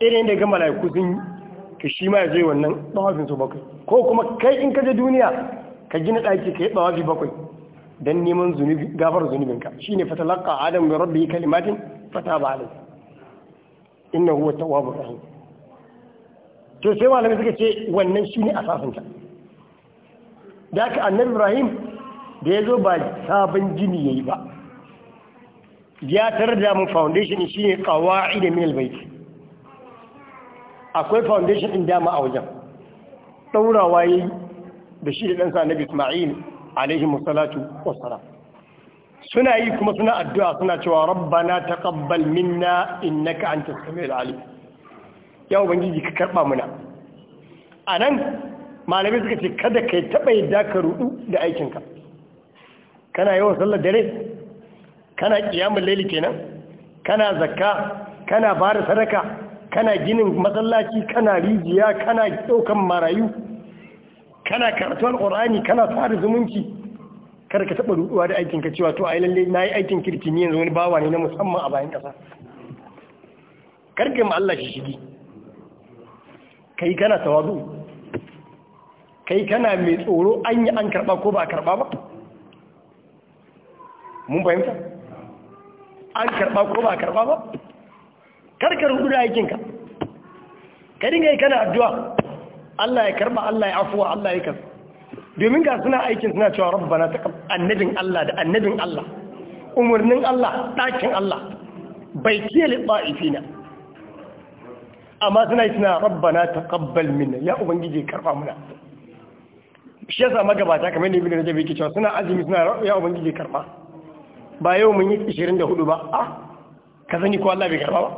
S1: irin da ga malaiku sun ka shi ma ya zai wannan ɗawafin su bakwai ko kuma kai in ka je duniya ka gina daki ka yi ɗawafi bakwai dan neman gafar zunubinka shine fatalaka adam da rabbi kalimatin fata ba alayhi inna huwa tawwabur rahim to sai ne suka ce wannan shine asasin ta da haka annabi Ibrahim da ya zo ba sabon jini yayi ba ya tar da mun foundation shine qawaid min albayt akwai foundation din dama a wajen daurawa yayi da shi da sa annabi Isma'il alaihi musallatu wassalam suna yi kuma suna addu'a suna cewa rabbana ƙabbal minna ka antas samiul alim ya ubangiji ka karba muna nan malamai suka ce kada ka taba yadda ka ruɗu da aikinka. ka kana yawan sallar dare kana ƙiyamun laili kenan kana zakka kana bada sadaka kana ginin masallaci kana rijiya kana ɗaukan marayu kana karatuwar ƙorani kana fara zumunci kar ka taɓa rutsuwa da aikin ka cewa to yi lalle na yi aikin kirki ni yanzu wani bawa ne na musamman a bayan ƙasa kar ka yi Allah shi shigi kai kana tawazu kai kana mai tsoro an yi an karɓa ko ba a karɓa ba mun fahimta an karɓa ko ba a karɓa ba kar ka ruɗu da aikinka ka dinga yi kana addu'a Allah ya karɓa Allah ya afuwa Allah ya karɓa domin ga suna aikin suna cewa rabbana ta annabin Allah da annabin Allah umarnin Allah ɗakin Allah bai kiyali ba'ifina amma suna yi suna rabbana ta ƙabbal minna ya ubangiji karɓa muna shi ya sama gabata kamar ne bidin rajabi ke cewa suna azumi suna ya ubangiji karɓa ba yau mun yi 24 ba a ka zani ko Allah bai karɓa ba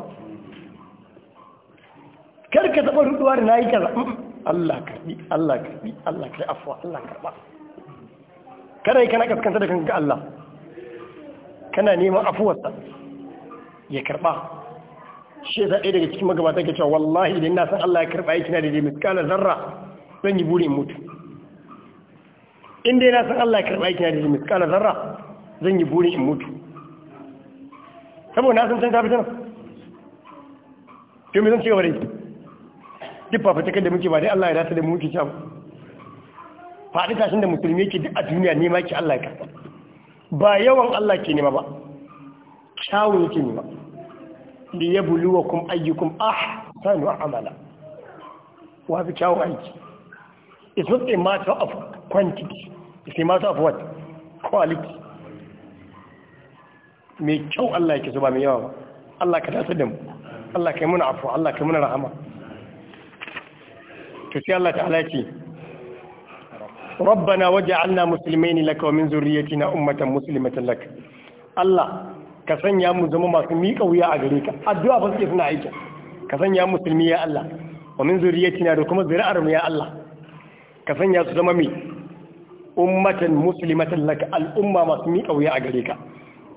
S1: kar ka taɓa ruduwa da na yi kaza Allah karbi Allah karbi Allah kai afwa Allah karba kada kana kaskanta da kanka Allah kana neman sa ya karba shi da ɗaya daga cikin magabata ke cewa wallahi idan na san Allah ya karba yake na da dai miskala zarra zan yi burin mutu in na san Allah ya karba yake na da dai miskala zarra zan yi burin in mutu saboda na san san tafi tana to me zan ci gaba da duk fafatakar da muke ba dai Allah ya dace da mu muke samu faɗi tashin da musulmi yake duk a duniya nema ki Allah ya ba yawan Allah ke nema ba kyawun yake nema li yabluwakum ayyukum ahsanu amala wa bi kyawun aiki it's not a matter of quantity it's a matter of what quality mai kyau Allah yake zuba ba mai yawa ba Allah ka dace da mu Allah kai muna afuwa Allah kai muna rahama to sai Allah ta'ala ce rabbana waj'alna muslimaini laka wa min zurriyyatina ummatan muslimatan lak Allah ka sanya mu zama masu miƙa wuya a gare ka addu'a fa suke suna aiki ka sanya musulmi ya Allah wa min zurriyatina da kuma zuri'ar mu ya Allah ka sanya su zama mi ummatan muslimatan laka al'umma masu miƙa wuya a gare ka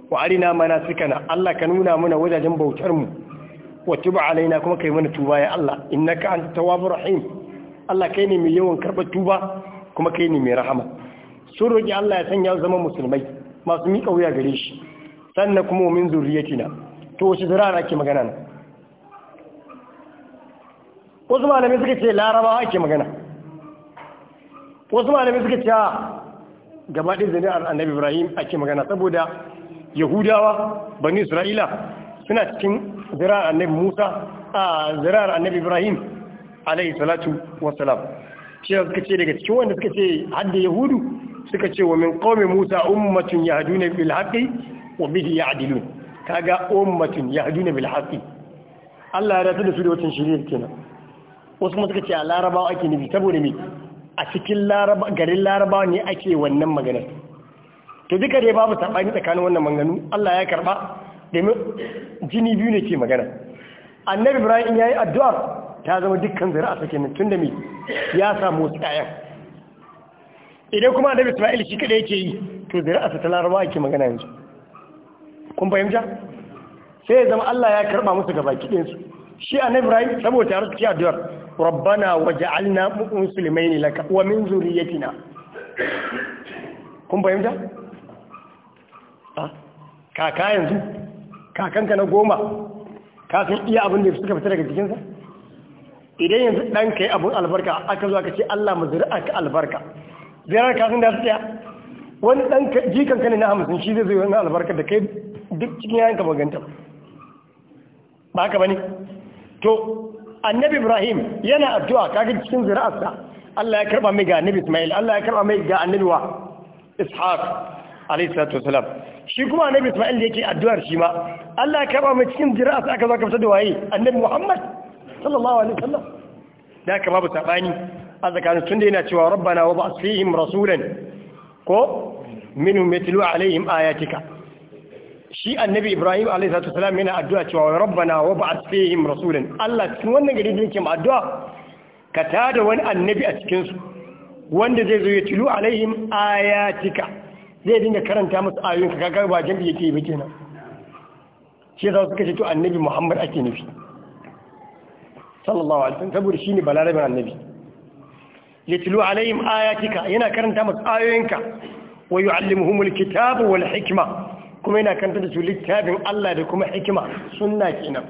S1: wa arina mana sikana Allah ka nuna mana wajajen bautar mu wa tuba alaina kuma kai mana tuba ya Allah innaka antat tawwabur rahim Allah kai ne mai yawan karɓar tuba kuma kai ne mai rahama sun roƙi Allah ya sanya zama musulmai masu miƙa wuya gare shi sannan kuma min na to wace zurara ake magana na wasu malamai suka ce larabawa ake magana wasu malamai suka ce ah, gaba ɗin zuri'ar annabi ibrahim ake magana saboda yahudawa bani isra'ila suna cikin zuri'ar annabi musa a zuri'ar annabi ibrahim alaihi salatu wassalam shi suka ce daga cikin wanda suka ce hadda yahudu suka ce wa min qaumi musa ummatun yahduna bil haqqi wa bihi ya'dilun kaga ummatun yahduna bil haqqi Allah ya rasu da su da wacin shiriyar kenan wasu kuma suka ce a larabawa ake nufi saboda me a cikin garin larabawa ne ake wannan maganar to duka dai babu sabani tsakanin wannan manganu Allah ya karɓa da jini biyu ne ke magana annabi ibrahim ya yi addu'ar ta zama dukkan zira a sakin tun da mai ya samu wasu ƴaƴan idan kuma da isma'il shi kada yake yi to zira a ta larabawa ake magana yanzu kun fahimta sai ya zama Allah ya karba musu gaba kiɗin su shi annabi ibrahim saboda har suke addu'ar rabbana waj'alna muslimaini laka wa min zuriyatina kun fahimta ah, kaka yanzu kakanka na goma ka san iya abin da suka fita daga jikinsa idan yanzu ɗan ka yi abin albarka aka zuwa ka ce Allah mu zira aka albarka zirar kafin da su tsaya wani ɗan jikan ka ne na hamsin shi zai zai wani albarka da kai duk cikin yayin ka maganta ba ka bane to annabi ibrahim yana addu'a kaga cikin zira'arsa Allah ya karba mai ga annabi ismail Allah ya karba mai ga annabi wa ishaq alayhi salatu wasalam shi kuma annabi ismail da yake addu'ar shi ma Allah ya karba mai cikin zira'arsa aka zo ka fita da waye annabi muhammad sallallahu alaihi wasallam da haka babu sabani a tsakanin tunda yana cewa rabbana wa ba'ath fihim rasulan ko minhum yatlu alaihim ayatika shi annabi ibrahim alaihi salatu wasallam yana addu'a cewa rabbana wa ba'ath fihim rasulan Allah cikin wannan gari da mu addu'a ka tada wani annabi a cikin su wanda zai zo ya tilu alaihim ayatika zai dinga karanta musu ayoyinka kaga ba jami'i yake yi ba kenan shi yasa suka ce to annabi muhammad ake nufi sallallahu alaihi wasallam saboda shine balarabin annabi yatlu alaihim ayatika yana karanta musu ayoyinka wa yuallimuhumul kitaba wal hikma kuma yana karanta da su littafin Allah da kuma hikima sunna kenan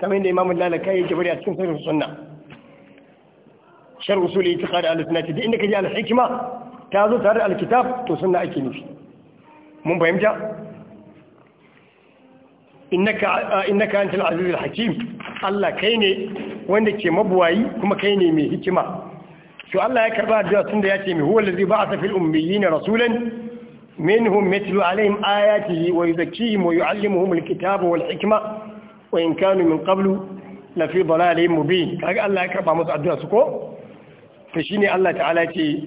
S1: kamar yadda imamu lalaka yake bari a cikin sirrin sunna shar usuli itiqad al-sunnah da inda kaji al-hikma ta zo tare da al-kitab to sunna ake nufi mun fahimta innaka innaka antal azizul hakim Allah kai ne wanda ke mabuwayi kuma kai ne mai hikima to Allah ya karba addu'a tunda ya ce mi huwa allazi ba'atha fil ummiyina rasulan minhum mithlu alaihim ayatihi wa yuzakkihim wa yu'allimuhum alkitaba wal hikma wa in kanu min qablu la fi dalalin mubin kaga Allah ya karba musu addu'a su ko to shine Allah ta'ala ce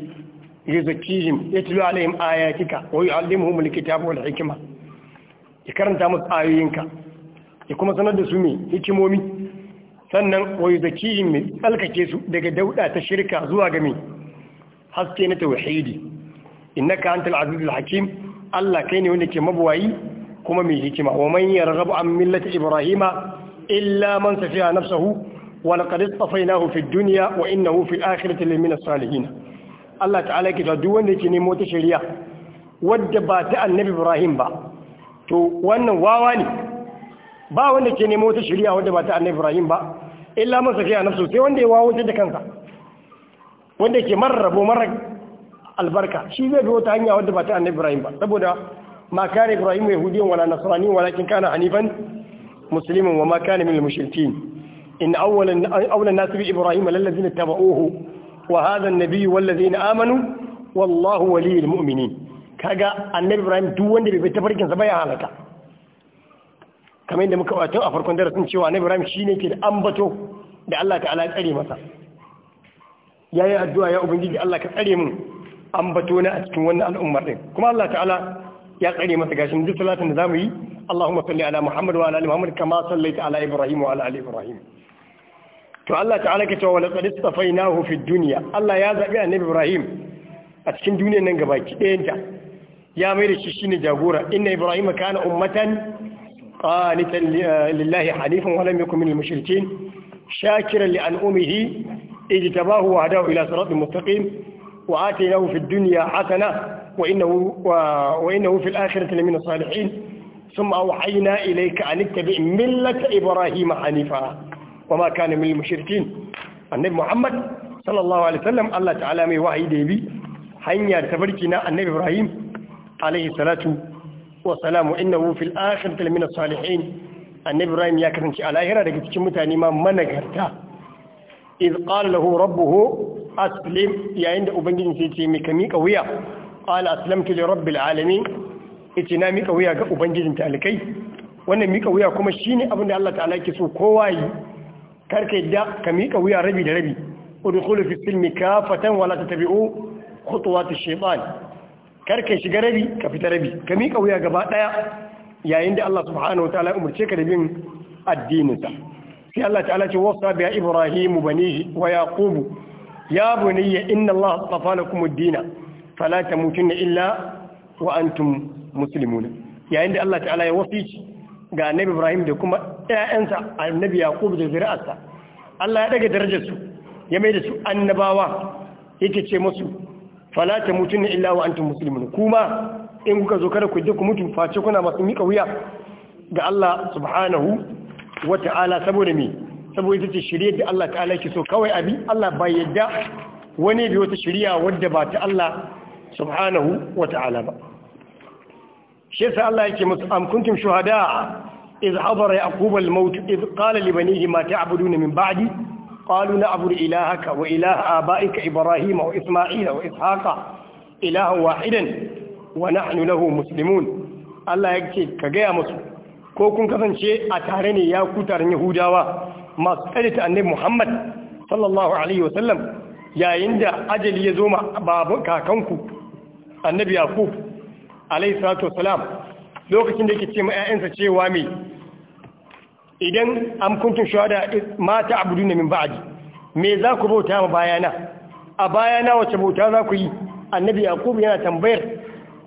S1: yuzakkihim yatlu alaihim ayatika wa yu'allimuhum alkitaba wal hikma ya karanta musu ayoyinka ya kuma sanar da su mai hikimomi sannan wayu zakiyin mai tsalkake su daga dauda ta shirka zuwa ga mai haske na tauhidi ka antal azizul hakim Allah kai ne wanda ke mabuwayi kuma mai hikima wa man yarghabu an millati ibrahima illa man safiha nafsuhu wa laqad istafainahu fid dunya wa innahu fil akhirati lamina salihin Allah ta'ala ke duk wanda yake nemo ta shari'a wadda ba ta annabi ibrahim ba to wannan wawa ne ba wanda ke nemo wata shari'a wanda ba ta annabi Ibrahim ba illa masa kai nafsu sai wanda ya wawo da kansa wanda ke marrabo marar albarka shi zai bi wata hanya wanda ba ta annabi Ibrahim ba saboda ma kana Ibrahim yahudiyan wala nasrani walakin kana hanifan musliman wa ma kana minal mushrikin in awwal awwal an-nas bi Ibrahim lallazina tabauhu wa hadha an-nabiy wallazina amanu wallahu waliyul mu'minin kaga annabi ibrahim duk wanda bai ta farkinsa ba ya halaka kamar yadda muka wato a farkon darasin cewa annabi ibrahim shine ke da ambato da Allah ta'ala ya tsare masa yayi addu'a ya ubangiji Allah ka tsare mun ambato na a cikin wannan al'ummar din kuma Allah ta'ala ya tsare masa gashin duk salatin da zamu yi Allahumma salli ala Muhammad wa ala ali Muhammad kama sallaita ala Ibrahim wa ala ali Ibrahim to Allah ta'ala ke cewa laqad istafainahu fid dunya Allah ya zabi annabi Ibrahim a cikin duniyar nan gabaki ta. ya mai da shi shine jagora inna ibrahima kana ummatan qanitan lillahi hanifan wa lam yakun minal mushrikeen shakiran li an'umihi ijtabahu wa hadahu ila siratin mustaqim wa atainahu fid dunya hasana wa innahu wa innahu fil akhirati lamina salihin ثم أوحينا إليك أن اتبع ملة إبراهيم حنيفا وما كان من المشركين النبي محمد صلى الله عليه وسلم الله تعالى مي وحي ديبي hanya da tabarki na annabi Ibrahim alaihi salatu wa salamu innahu fil akhirati lamina salihin annabi ibrahim ya kasance a lahira daga cikin mutane ma managarta iz qala lahu rabbuhu aslim yayin da ubangijin sai ce mai ka mika wuya qala aslamtu li rabbil alamin ita na mika wuya ga ubangijin talikai wannan mika wuya kuma shine abin da Allah ta yake so kowa yi karka yadda ka mika wuya rabi da rabi udkhulu fi silmi kafatan wala tattabi'u khutuwat ash-shaytan kar ka shiga rabi ka fita rabi ka miƙa wuya gaba ɗaya yayin da Allah subhanahu wa ta'ala umarce ka da bin addininsa sai Allah ta'ala ce sabi ya Ibrahim banihi wa Yaqub ya bunayya inna Allah safa lakum ad-dina fala tamutunna illa wa antum muslimun yayin da Allah ta'ala ya wasici ga Annabi Ibrahim da kuma ƴaƴansa Annabi Yaqub da zuri'arsa Allah ya daga darajarsu ya mai da su annabawa yake ce musu fala ta mutun illa wa antum muslimun kuma in kuka zo kada ku je ku mutu face kuna masu mika wuya ga Allah subhanahu wa ta'ala saboda me saboda ita ce shirye da Allah ta'ala yake so kawai abi Allah ba yadda wani bi wata shiriya wadda ba ta Allah subhanahu wa ta'ala ba shi yasa Allah yake musu am kuntum shuhada iz hadara yaqub al maut iz qala li banihi ma ta'buduna min ba'di قالوا نعبد إلهك وإله آبائك إبراهيم وإسماعيل وإسحاق إله واحدا ونحن له مسلمون Allah ya ce ka gaya masu ko kun kasance a tare ne ya ku taron Yahudawa masu tsarita annabi Muhammad sallallahu alaihi wasallam yayin da ajali ya zo ma babu kakanku annabi Yaqub alaihi salatu wasalam lokacin da yake ce ma 'ya'yansa cewa mai. idan am kuntum shuhada ma ta'buduna min ba'di me za ku bauta ma bayana a bayana wace bauta za ku yi annabi yaqub yana tambayar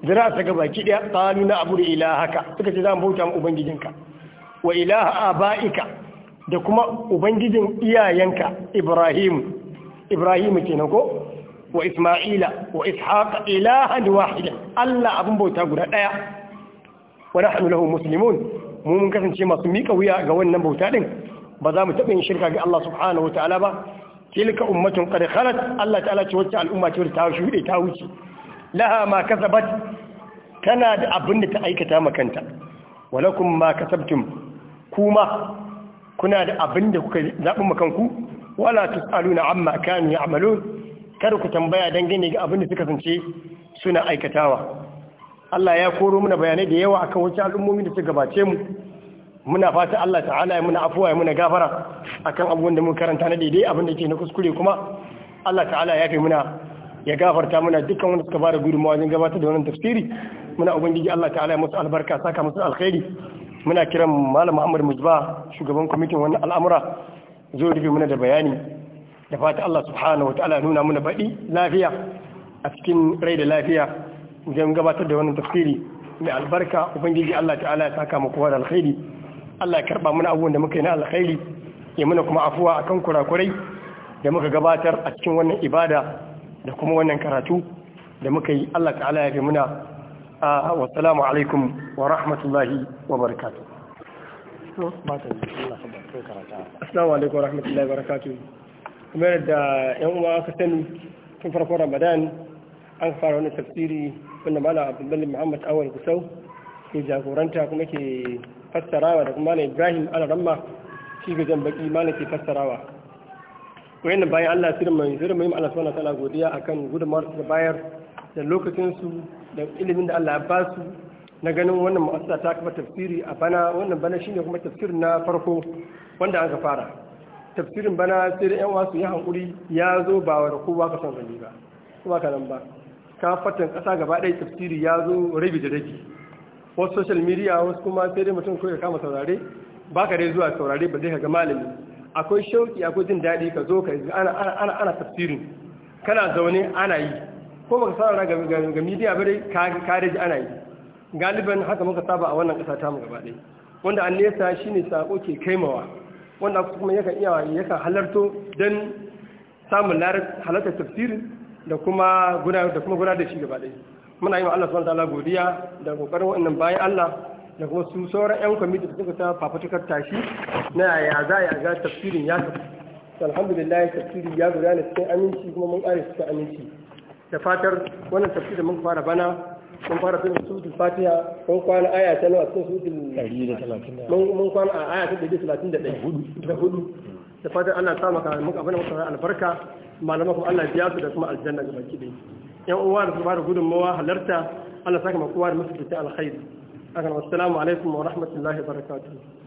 S1: zira ta ga baki ɗaya qalu na abudu ilahaka suka ce za mu bauta ma ubangijinka wa ilaha abaika da kuma ubangijin iyayenka ibrahim ibrahim kenan ko wa isma'ila wa ishaq ilahan wahidan allah abun bauta guda daya wa nahnu lahu muslimun mu mun kasance masu miƙa wuya ga wannan bauta din ba za mu taɓa yin shirka ga Allah subhanahu wa ta'ala ba tilka ummatun qad khalat Allah ta'ala ce wacce al'umma ce ta shuɗe ta wuce laha ma kasabat tana da abin da ta aikata makanta walakum ma kasabtum kuma kuna da abin da kuka zaɓi makanku wala tus'aluna amma kanu ya'malun kar ku tambaya dangane ga abin da suka kasance suna aikatawa Allah ya koro muna bayanai da yawa akan wancan al'ummomi da suka gabace mu muna fata Allah ta'ala ya muna afuwa ya muna gafara akan abubuwan da mun karanta na daidai abin da ke na kuskure kuma Allah ta'ala ya fi muna ya gafarta muna dukkan wanda suka bada gudunmawa wajen gabatar da wannan tafsiri muna ubangiji Allah ta'ala ya musu albarka saka musu alkhairi muna kiran malam Muhammad Mujba shugaban kwamitin wannan al'amura zo rufe muna da bayani da fata Allah subhanahu wa ta'ala nuna muna baɗi lafiya a cikin rai da lafiya wajen gabatar da wannan tafsiri mai albarka ubangiji Allah ta'ala ya saka mu kowa da alkhairi Allah ya karba mana abubuwan da muka yi na alkhairi ya muna kuma afuwa akan kurakurai da muka gabatar a cikin wannan ibada da kuma wannan karatu da muka yi Allah ta'ala ya fi muna wa salamu alaikum wa rahmatullahi wa barakatu. Assalamu alaikum wa rahmatullahi wa barakatu. Kuma da yan uwa aka sani tun farkon Ramadan an fara wani tafsiri wanda malam abdullahi muhammad awal kusau ke jagoranta kuma ke fassarawa da kuma ibrahim alaramma shi ga jan baki malam ke fassarawa wayannan bayan allah sirri mai sirrin mai allah suna tana godiya akan gudunmawar da bayar da lokacinsu da ilimin da allah ya ba su na ganin wannan ma'asa ta kafa tafsiri a bana wannan bana shine kuma tafsirin na farko wanda ka fara tafsirin bana sai da yan wasu ya hankuri ya zo ba wa kowa ka son gani ba kuma ka nan ba kafatan ƙasa gaba ɗaya tafsiri ya zo rabi da rabi wasu social media wasu kuma sai dai mutum kawai kama saurare ba ka dai zuwa saurare ba zai ga malami akwai shauki akwai jin daɗi ka zo ka ana ana ana tafsirin kana zaune ana yi ko baka saurara ga ga media bare ka ka dai ana yi galiban haka muka saba a wannan ƙasa ta mu gaba ɗaya wanda an nesa shine sako ke kaimawa wanda kuma yakan iya yakan halarto dan samun halartar tafsirin da kuma guda da kuma guda da shi gaba ɗaya muna yi wa Allah subhanahu wataala godiya da kokarin wannan bayan Allah da kuma su sauran ƴan kwamiti da suka ta fafatukar tashi na yaya za a ga tafsirin ya tafi alhamdulillah tafsirin ya gudana cikin aminci kuma mun ƙare cikin aminci da fatar wannan tafsirin mun fara bana mun fara cikin suratul fatiha mun kwana aya ta nawa cikin suratul mun kwana a aya ta 31 da hudu da fatar Allah ta maka muka abana maka albarka malaman kuma Allah biya su da kuma aljanna ga baki dai yan uwa da su ba da gudunmawa halarta Allah saka ma kowa da musu fita alkhairi akan assalamu alaikum wa rahmatullahi wa barakatuh